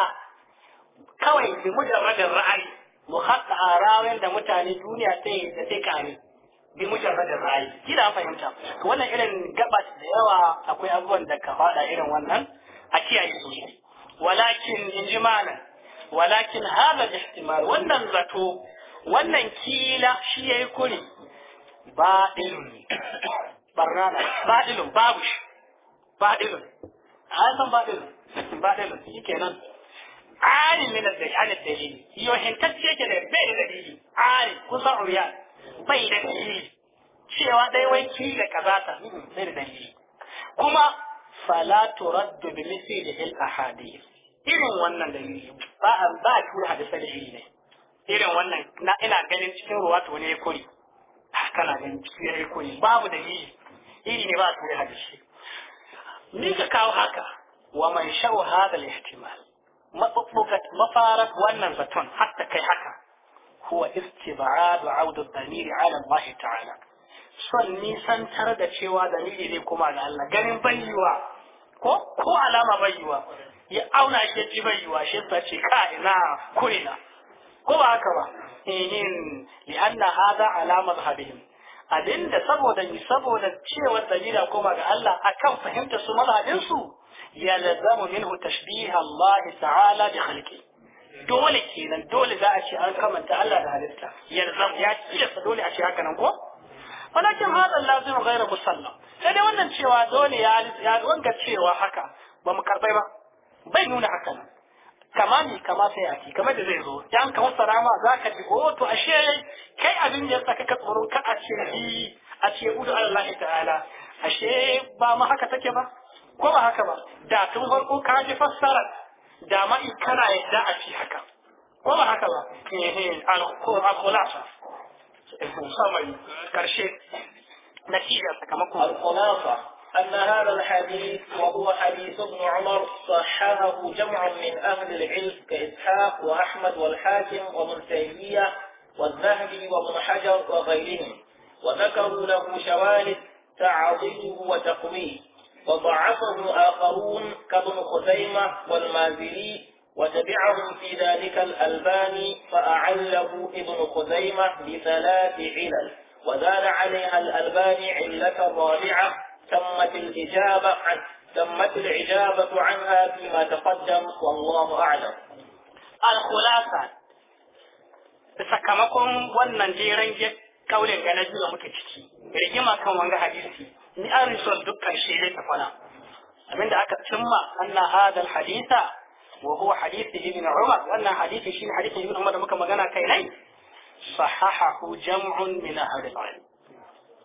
kawai bi mujarradin ra'ayi mu a rawin da mutane duniya ta yi da sai kare bi mujarradin ra'ayi kina fahimta to wannan irin gabas da yawa akwai abubuwan da ka fada irin wannan a kiyaye sosai walakin in ji walakin hada ihtimal wannan zato wannan kila shi ya yayi kure ba'ilun barrana ba'ilun babu shi ba'ilun a san ba'ilun ba'ilun shi kenan ari min al-dayan al-dalil yo hintacce ke da bai da dalili ari kusa uriya bai da dalili cewa dai wai kila kaza ta bai da dalili kuma fala turaddu bi mithlihi al-ahadith irin wannan dalili ba a ba tura hadisi ne irin wannan na ina ganin cikin ruwa to ne kuri kana ganin cikin ya kuri babu dalili iri ne ba su da shi. ni ka kawo haka wa man shaw hada al-ihtimal mabbukat mafarat wannan zaton hatta kai haka huwa istib'ad aud ad-damir ala Allah ta'ala son nisantar da cewa damiri ne kuma ga Allah ganin bayyuwa ko ko alama bayyuwa ya auna shi ji bayyuwa shi ta ce ka ina kurina ko ba haka ba in li'anna hada alamar mazhabihim abinda saboda ni saboda cewa dalila koma ga Allah akan fahimta su mazhabin su ya lazamu minhu tashbih Allah ta'ala bi khalqi dole kenan dole za a ce an kamanta Allah da halitta ya ya tilasta dole a ce haka nan ko walakin hada lazim ghayra musallam sai dai wannan cewa dole ya ya wanga cewa haka ba mu karbai ba bai nuna haka nan kama ne kama sai a ci kamar da zai zo ya ka wasa rama za ka ji oh to ashe kai abin ya saka ka tsoron ka a ce bi a ce udu Allah ta'ala ashe ba ma haka take ba ko ba haka ba da tun farko ka ji fassara da ma in kana yadda a ci haka ko ba haka ba eh, eh al-khulasa eh, samai karshe natija sakamakon al-khulasa أن هذا الحديث وهو حديث ابن عمر صححه جمع من أهل العلم كإسحاق وأحمد والحاكم وابن تيمية والذهبي وابن حجر وغيرهم وذكروا له شواهد تعظيمه وتقويه وضعفه آخرون كابن خزيمة والمازري وتبعهم في ذلك الألباني فأعله ابن خزيمة بثلاث علل وزاد عليها الألباني علة رابعة تمت الإجابة عن تمت الإجابة عنها فيما تقدم والله أعلم الخلاصة sakamakon wannan jeren kaulin ga na biyu da muke ciki rigima kan wanga hadisi ni an rison dukkan shi zai tafana abinda aka cimma anna hadal hadisa wa huwa hadisi ibn umar wannan hadisi shine hadisi ibn umar da muka magana kai nai sahahahu jam'un min ahli al-ilm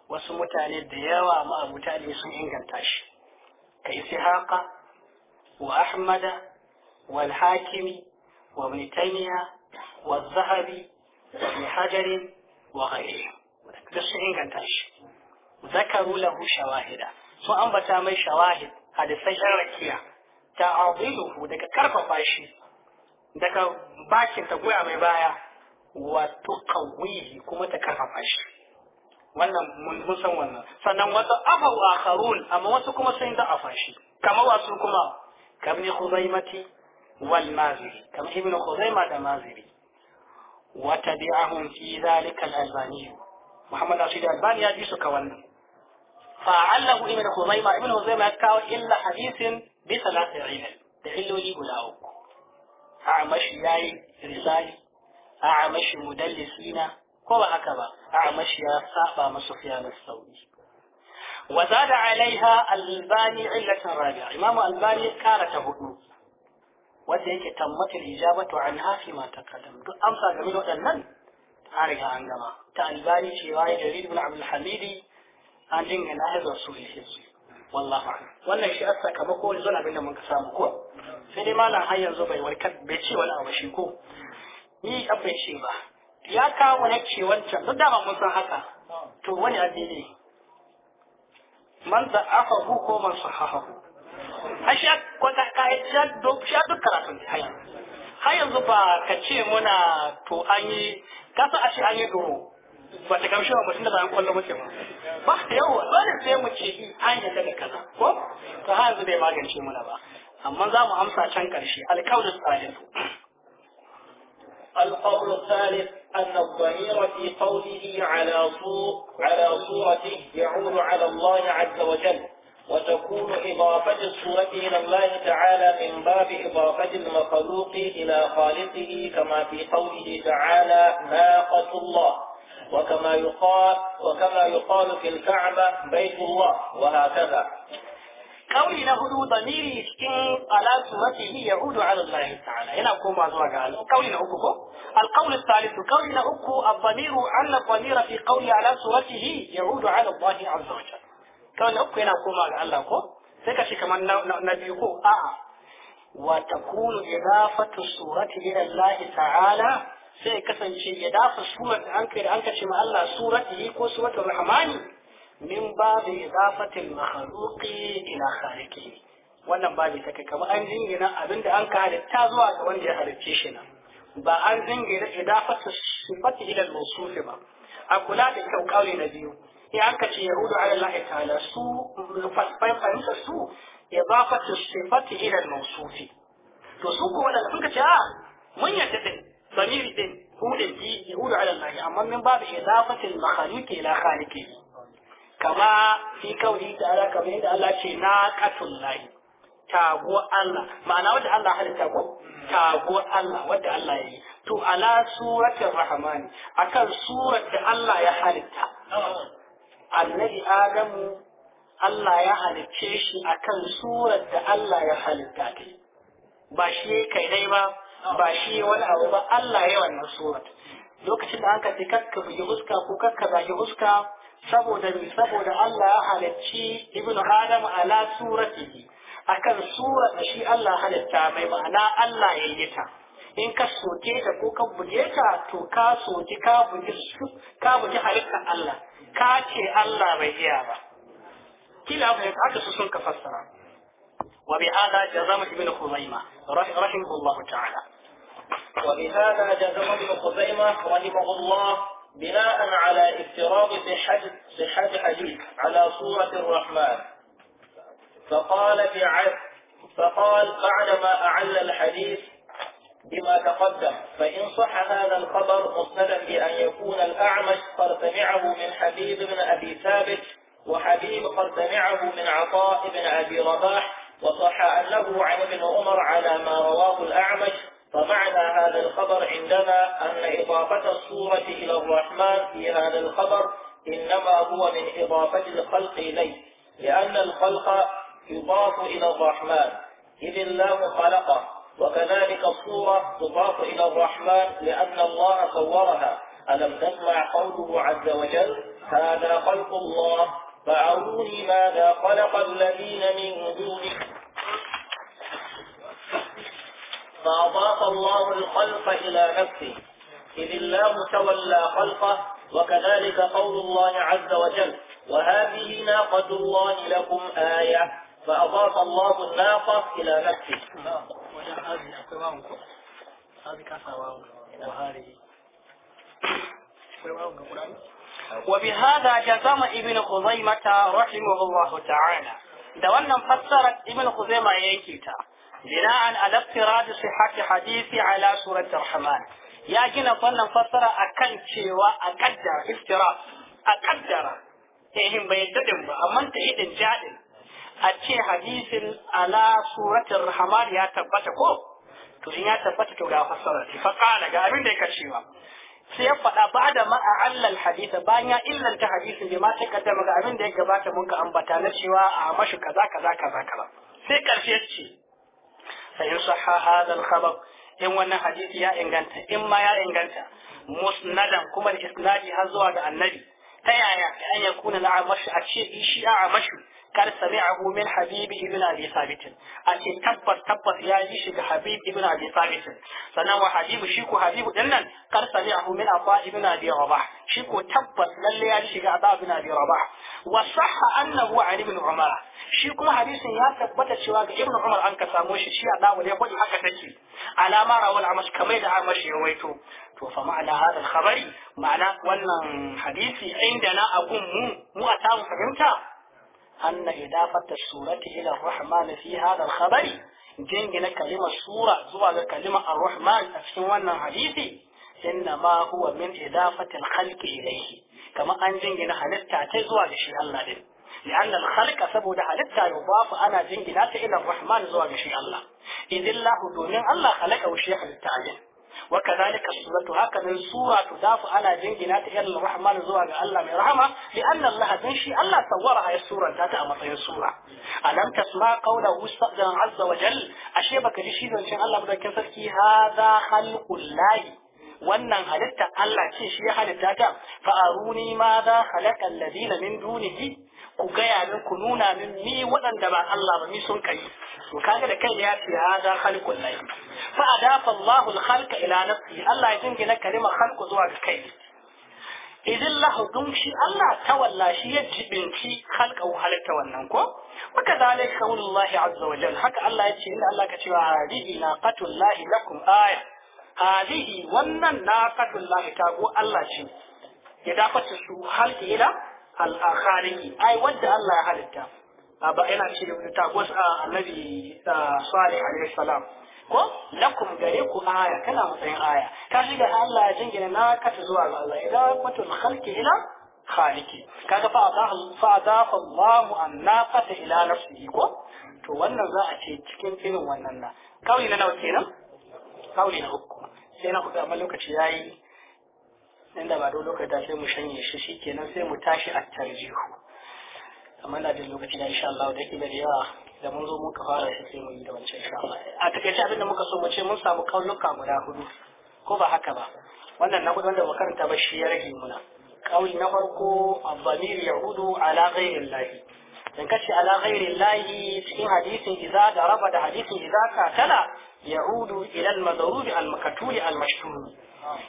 wasu mutane da yawa ma'abuta mutane sun inganta shi kai sai haka wa ahmada wal hakimi wa ibn taymiya wa zahabi wa ibn hajar wa ghairi da su inganta shi zakaru lahu shawahida sun ambata mai shawahid hadisai yan rakiya ta'adiluhu daga karfafa shi daga bakin ta goya mai baya wa tuqawwihi kuma ta karfafa shi wannan mun san wannan sannan wasu a akharun amma wasu kuma sun yi da afan shi kamar wasu kuma kamni khuzaimati wal maziri kamar ibnu khuzaima da maziri wa tabi'ahum fi zalika al albani muhammad asidi albani ya ji su ka wannan fa'allahu ibnu khuzaima ibnu khuzaima ya kawo illa hadisin bi salati ilal da illoli guda uku a mashi yayi risali a mashi mudallisina ko ba haka ba a'mash ya saba ma sufyan as-sauri wa zada alaiha albani illatan rabi'a imamu albani kara ta hudu wanda yake tammatul ijabatu anha fi ma taqaddam duk amsa game da waɗannan an riga an gama ta albani cewa ya jarir ibn abdul hamidi an dinga dingana ya rasulihi wallahu a'lam wannan shi a sakamako wani zuwa abinda mun ka samu ko sai dai malam har yanzu bai warkar bai ce wani abu shi ko ni abin shi ba ya kawo na ce wancan duk ba mun san haka to wani abin ne man da aka hu ko man sahaha haha hu a sha kwata ka sha duk karatun haya har yanzu ba ka ce muna to an yi sa a shi an yi duhu ba ta kamshi ba mutum da zan kwallo muke ba ba ta yau dole sai mu ce an yi daga kaza ko to har yanzu bai magance muna ba amma za mu amsa can karshe alƙawarin salihu القول الثالث أن الضمير في قوله على صور على صورته يعود على الله عز وجل وتكون إضافة الصورة إلى الله تعالى من باب إضافة المخلوق إلى خالقه كما في قوله تعالى ناقة الله وكما يقال وكما يقال في الكعبة بيت الله وهكذا kauli na hudu zamiri cikin alatu mafi ya hudu ala Allah ta'ala yana koma zuwa ga Allah kauli na uku ko alqawl الثالث kauli na uku الضمير على الضمير في قول على صورته يعود على الله عز وجل kauli na uku yana koma ga Allah ko sai ka shi kamar na biyu ko a'a wa takunu idafatu surati ila Allah ta'ala sai kasance idafa surat da an kai da an kace ma Allah suratihi ko suratul rahmani min babi idafatil makhluqi ila khaliki. wannan babi take kamar an jingina abinda an ka halitta zuwa ga wanda ya halicce shi nan ba an jingina idafatu sifati ila al-mawsuf ba a kula da kyau kauli na biyu ya aka ce yahudu ala Allah ta'ala su fahimta su idafatu sifati ila al-mawsuf to su ko wanda sun ce a ah, mun yadda din zamiri din hudin ji yahudu ala Allah amma min babu idafatil makhluqi ila khaliki. kama fi kawai kauni ta'ala kamar yadda Allah ce na katul lahi tago Allah ma'ana wanda Allah halitta ko tago Allah wanda Allah ya yi to ala suratul rahmani akan surar da Allah ya halitta annabi adamu Allah ya halicce shi akan surar da Allah ya halitta ta ba shi kai dai ba ba shi wani abu ba Allah ya wannan surat lokacin da aka ce kakka bugi huska ko kakka zagi huska saboda saboda Allah ya halarci Ibn adam ala suratihi akan sura da shi Allah halitta mai ma'ana Allah ya yi ta in ka soke ta ko ka buge ta to ka soki ka bugi ka bugi halitta Allah ka ce Allah bai iya ba kila bai aka su sun ka fassara wa bi hada jazama ibn khuzaima rahimahullahu ta'ala wa bi hada jazama ibn khuzaima rahimahu Allah بناء على افتراض صحة صحة حديث على صورة الرحمن فقال بعد فقال بعدما أعل الحديث بما تقدم فإن صح هذا الخبر مصندا بأن يكون الأعمش قد سمعه من حبيب بن أبي ثابت وحبيب قد سمعه من عطاء بن أبي رباح وصح أنه عن ابن عمر على ما رواه الأعمش هذا الخبر عندنا أن إضافة الصورة إلى الرحمن في هذا الخبر إنما هو من إضافة الخلق إليه لأن الخلق يضاف إلى الرحمن إذ الله خلقه وكذلك الصورة تضاف إلى الرحمن لأن الله صورها ألم تسمع قوله عز وجل هذا خلق الله فأروني ماذا خلق الذين من دونه فأضاف الله الخلق إلى نفسه إذ الله تولى خلقه وكذلك قول الله عز وجل وهذه ناقة الله لكم آية فأضاف الله الناقة إلى نفسه وبهذا جزم ابن خزيمة رحمه الله تعالى da wannan fassarar ابن خزيمة ya bina'an ala iftirad sihhati hadisi ala surat rahman ya gina wannan fassara akan cewa a kaddara iftira a kaddara ehin eh, bai dadin ba amma ta idin jadin a ce hadisin ala suratul rahman ya tabbata ko to ya tabbata to ga fassara ga sai ya faɗa ba da ma allal hadisa bayan ya illanta hadisin bai ma ta kaddama ga abin da ya gabata mun ka ambata na cewa a mashi kaza kaza kaza kaza sai karshe ce fa in sahha khabar in wannan hadisi ya inganta in ma ya inganta musnadan kuma da isnadi har zuwa ga annabi ta yaya an yakuna kuna amash a ce shi a amashu kar sami'ahu min habib ibn abi sabit a ce tabbas tabbas ya ji shi ga habib ibn abi sabit sannan wa Habibu shi ko Habibu din nan kar sami'ahu min abba ibn abi rabah shi ko tabbas lalle ya ji shi ga abba ibn abi rabah wa sahha annahu an ibn umar shi kuma hadisin ya tabbata cewa ga ibn umar an ka samo shi shi a Allah ne faɗi haka take alama rawal amash kamar da amash yawaito to fa ma'ana hada khabari ma'ana wannan hadisi inda na abun mu mu a samu fahimta أن إضافة السورة إلى الرحمن في هذا الخبر جنجنا كلمة سورة زوال كلمة الرحمن أفسوانا حديثي إنما هو من إضافة الخلق إليه كما أن جنجنا حلتا تزوال شيء الله دي. لأن الخلق سبود حلتا يضاف أنا جنجنا إلى الرحمن زوال شيء الله إذ الله دون الله خلقه شيء حلتا وكذلك السورة هكذا السورة تضاف على جنجنات إلى الرحمن زوى الله من رحمة لأن الله تنشي الله صورها السورة ذات أمر السورة ألم تسمع قوله عز وجل أشيبك لشيء إن شاء الله مدرك هذا خلق الله wannan halitta Allah ce shi ya halitta ta fa'aruni ma za halaka alladina min dunihi ku gaya min ku nuna min mi waɗanda ba Allah ba mi sun kai to kaga da kai ya ce hada khaliqul lahi fa adafa Allahu al-khalqa ila nafsi Allah ya jingina kalimar khalqu zuwa ga kai idin lahu shi Allah tawalla shi ya jibinci halka halitta wannan ko waka zalai kaulullahi azza wa jalla haka Allah ya ce inda Allah ka cewa hadihi naqatullahi lakum aya hadihi wannan naqatullahi ta go Allah ce ya dafata su halka ila al-akhariqi ai wanda Allah ya halitta ba yana ce ta go annabi salih alaihi salam ko lakum gare ku aya kana matsayin aya ka shiga Allah ya jingina na kata zuwa ga Allah idan mutum khalqi ila khaliki kaga fa adahu fa adahu Allah annaqata ila nafsihi ko to wannan za a ce cikin irin wannan na Kawai na nawa kenan Kawai na uku sai na kuɗa amma lokaci yayi inda ba dole lokaci sai mu shanye shi shikenan sai mu tashi a tarjihu amma na da lokaci da insha Allah da kila da yawa da mun zo muka fara shi sai mun yi da wancan a takaice abin da muka so mu ce mun samu kauluka guda hudu ko ba haka ba wannan na hudu wanda makaranta ba shi ya rage muna kauli na farko abamir yahudu ala ghairi layi. dan kace ala ghairi llahi cikin hadisin iza da raba da hadisin ka tana yahudu idan al-madrub al-maktul al-mashtur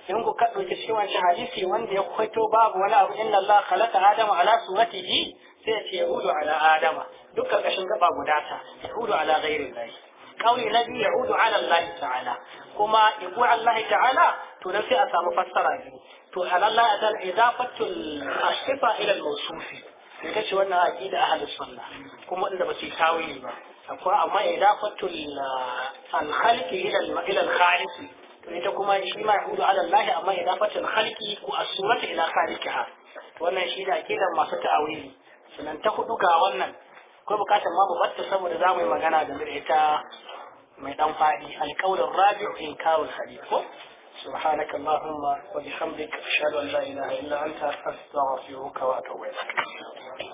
in ku ka ɗauki cikin wancan hadisi wanda ya kwaito babu wani abu inna Allah khalaqa adama ala suratihi sai ce yahudu ala adama dukkan kashin gaba guda ta yahudu ala ghairi Allah kauli na biyu yahudu ala Allah ta'ala kuma ibu Allah ta'ala to dan sai a samu fassara biyu to ala Allah ta'ala idafatul ashifa ila al-mawsufi ita ce wannan aqida ahlus sunna kuma wanda ba su tawili ba akwai amma idafatul ah, al-khaliqi ila al-khaliqi ita kuma shi ma yahudu ala Allah amma ya idafatul khalqi ku as-surati ila khaliqiha wannan shi da akidan masu ta'awili sanan ta hudu ga wannan ko bukata ma ba batta saboda za mu yi magana da mai ita mai dan fadi alqaulur rabi'u in kawul hadith ko سبحانك اللهم وبحمدك أشهد أن لا إله إلا أنت أستغفرك وأتوب إليك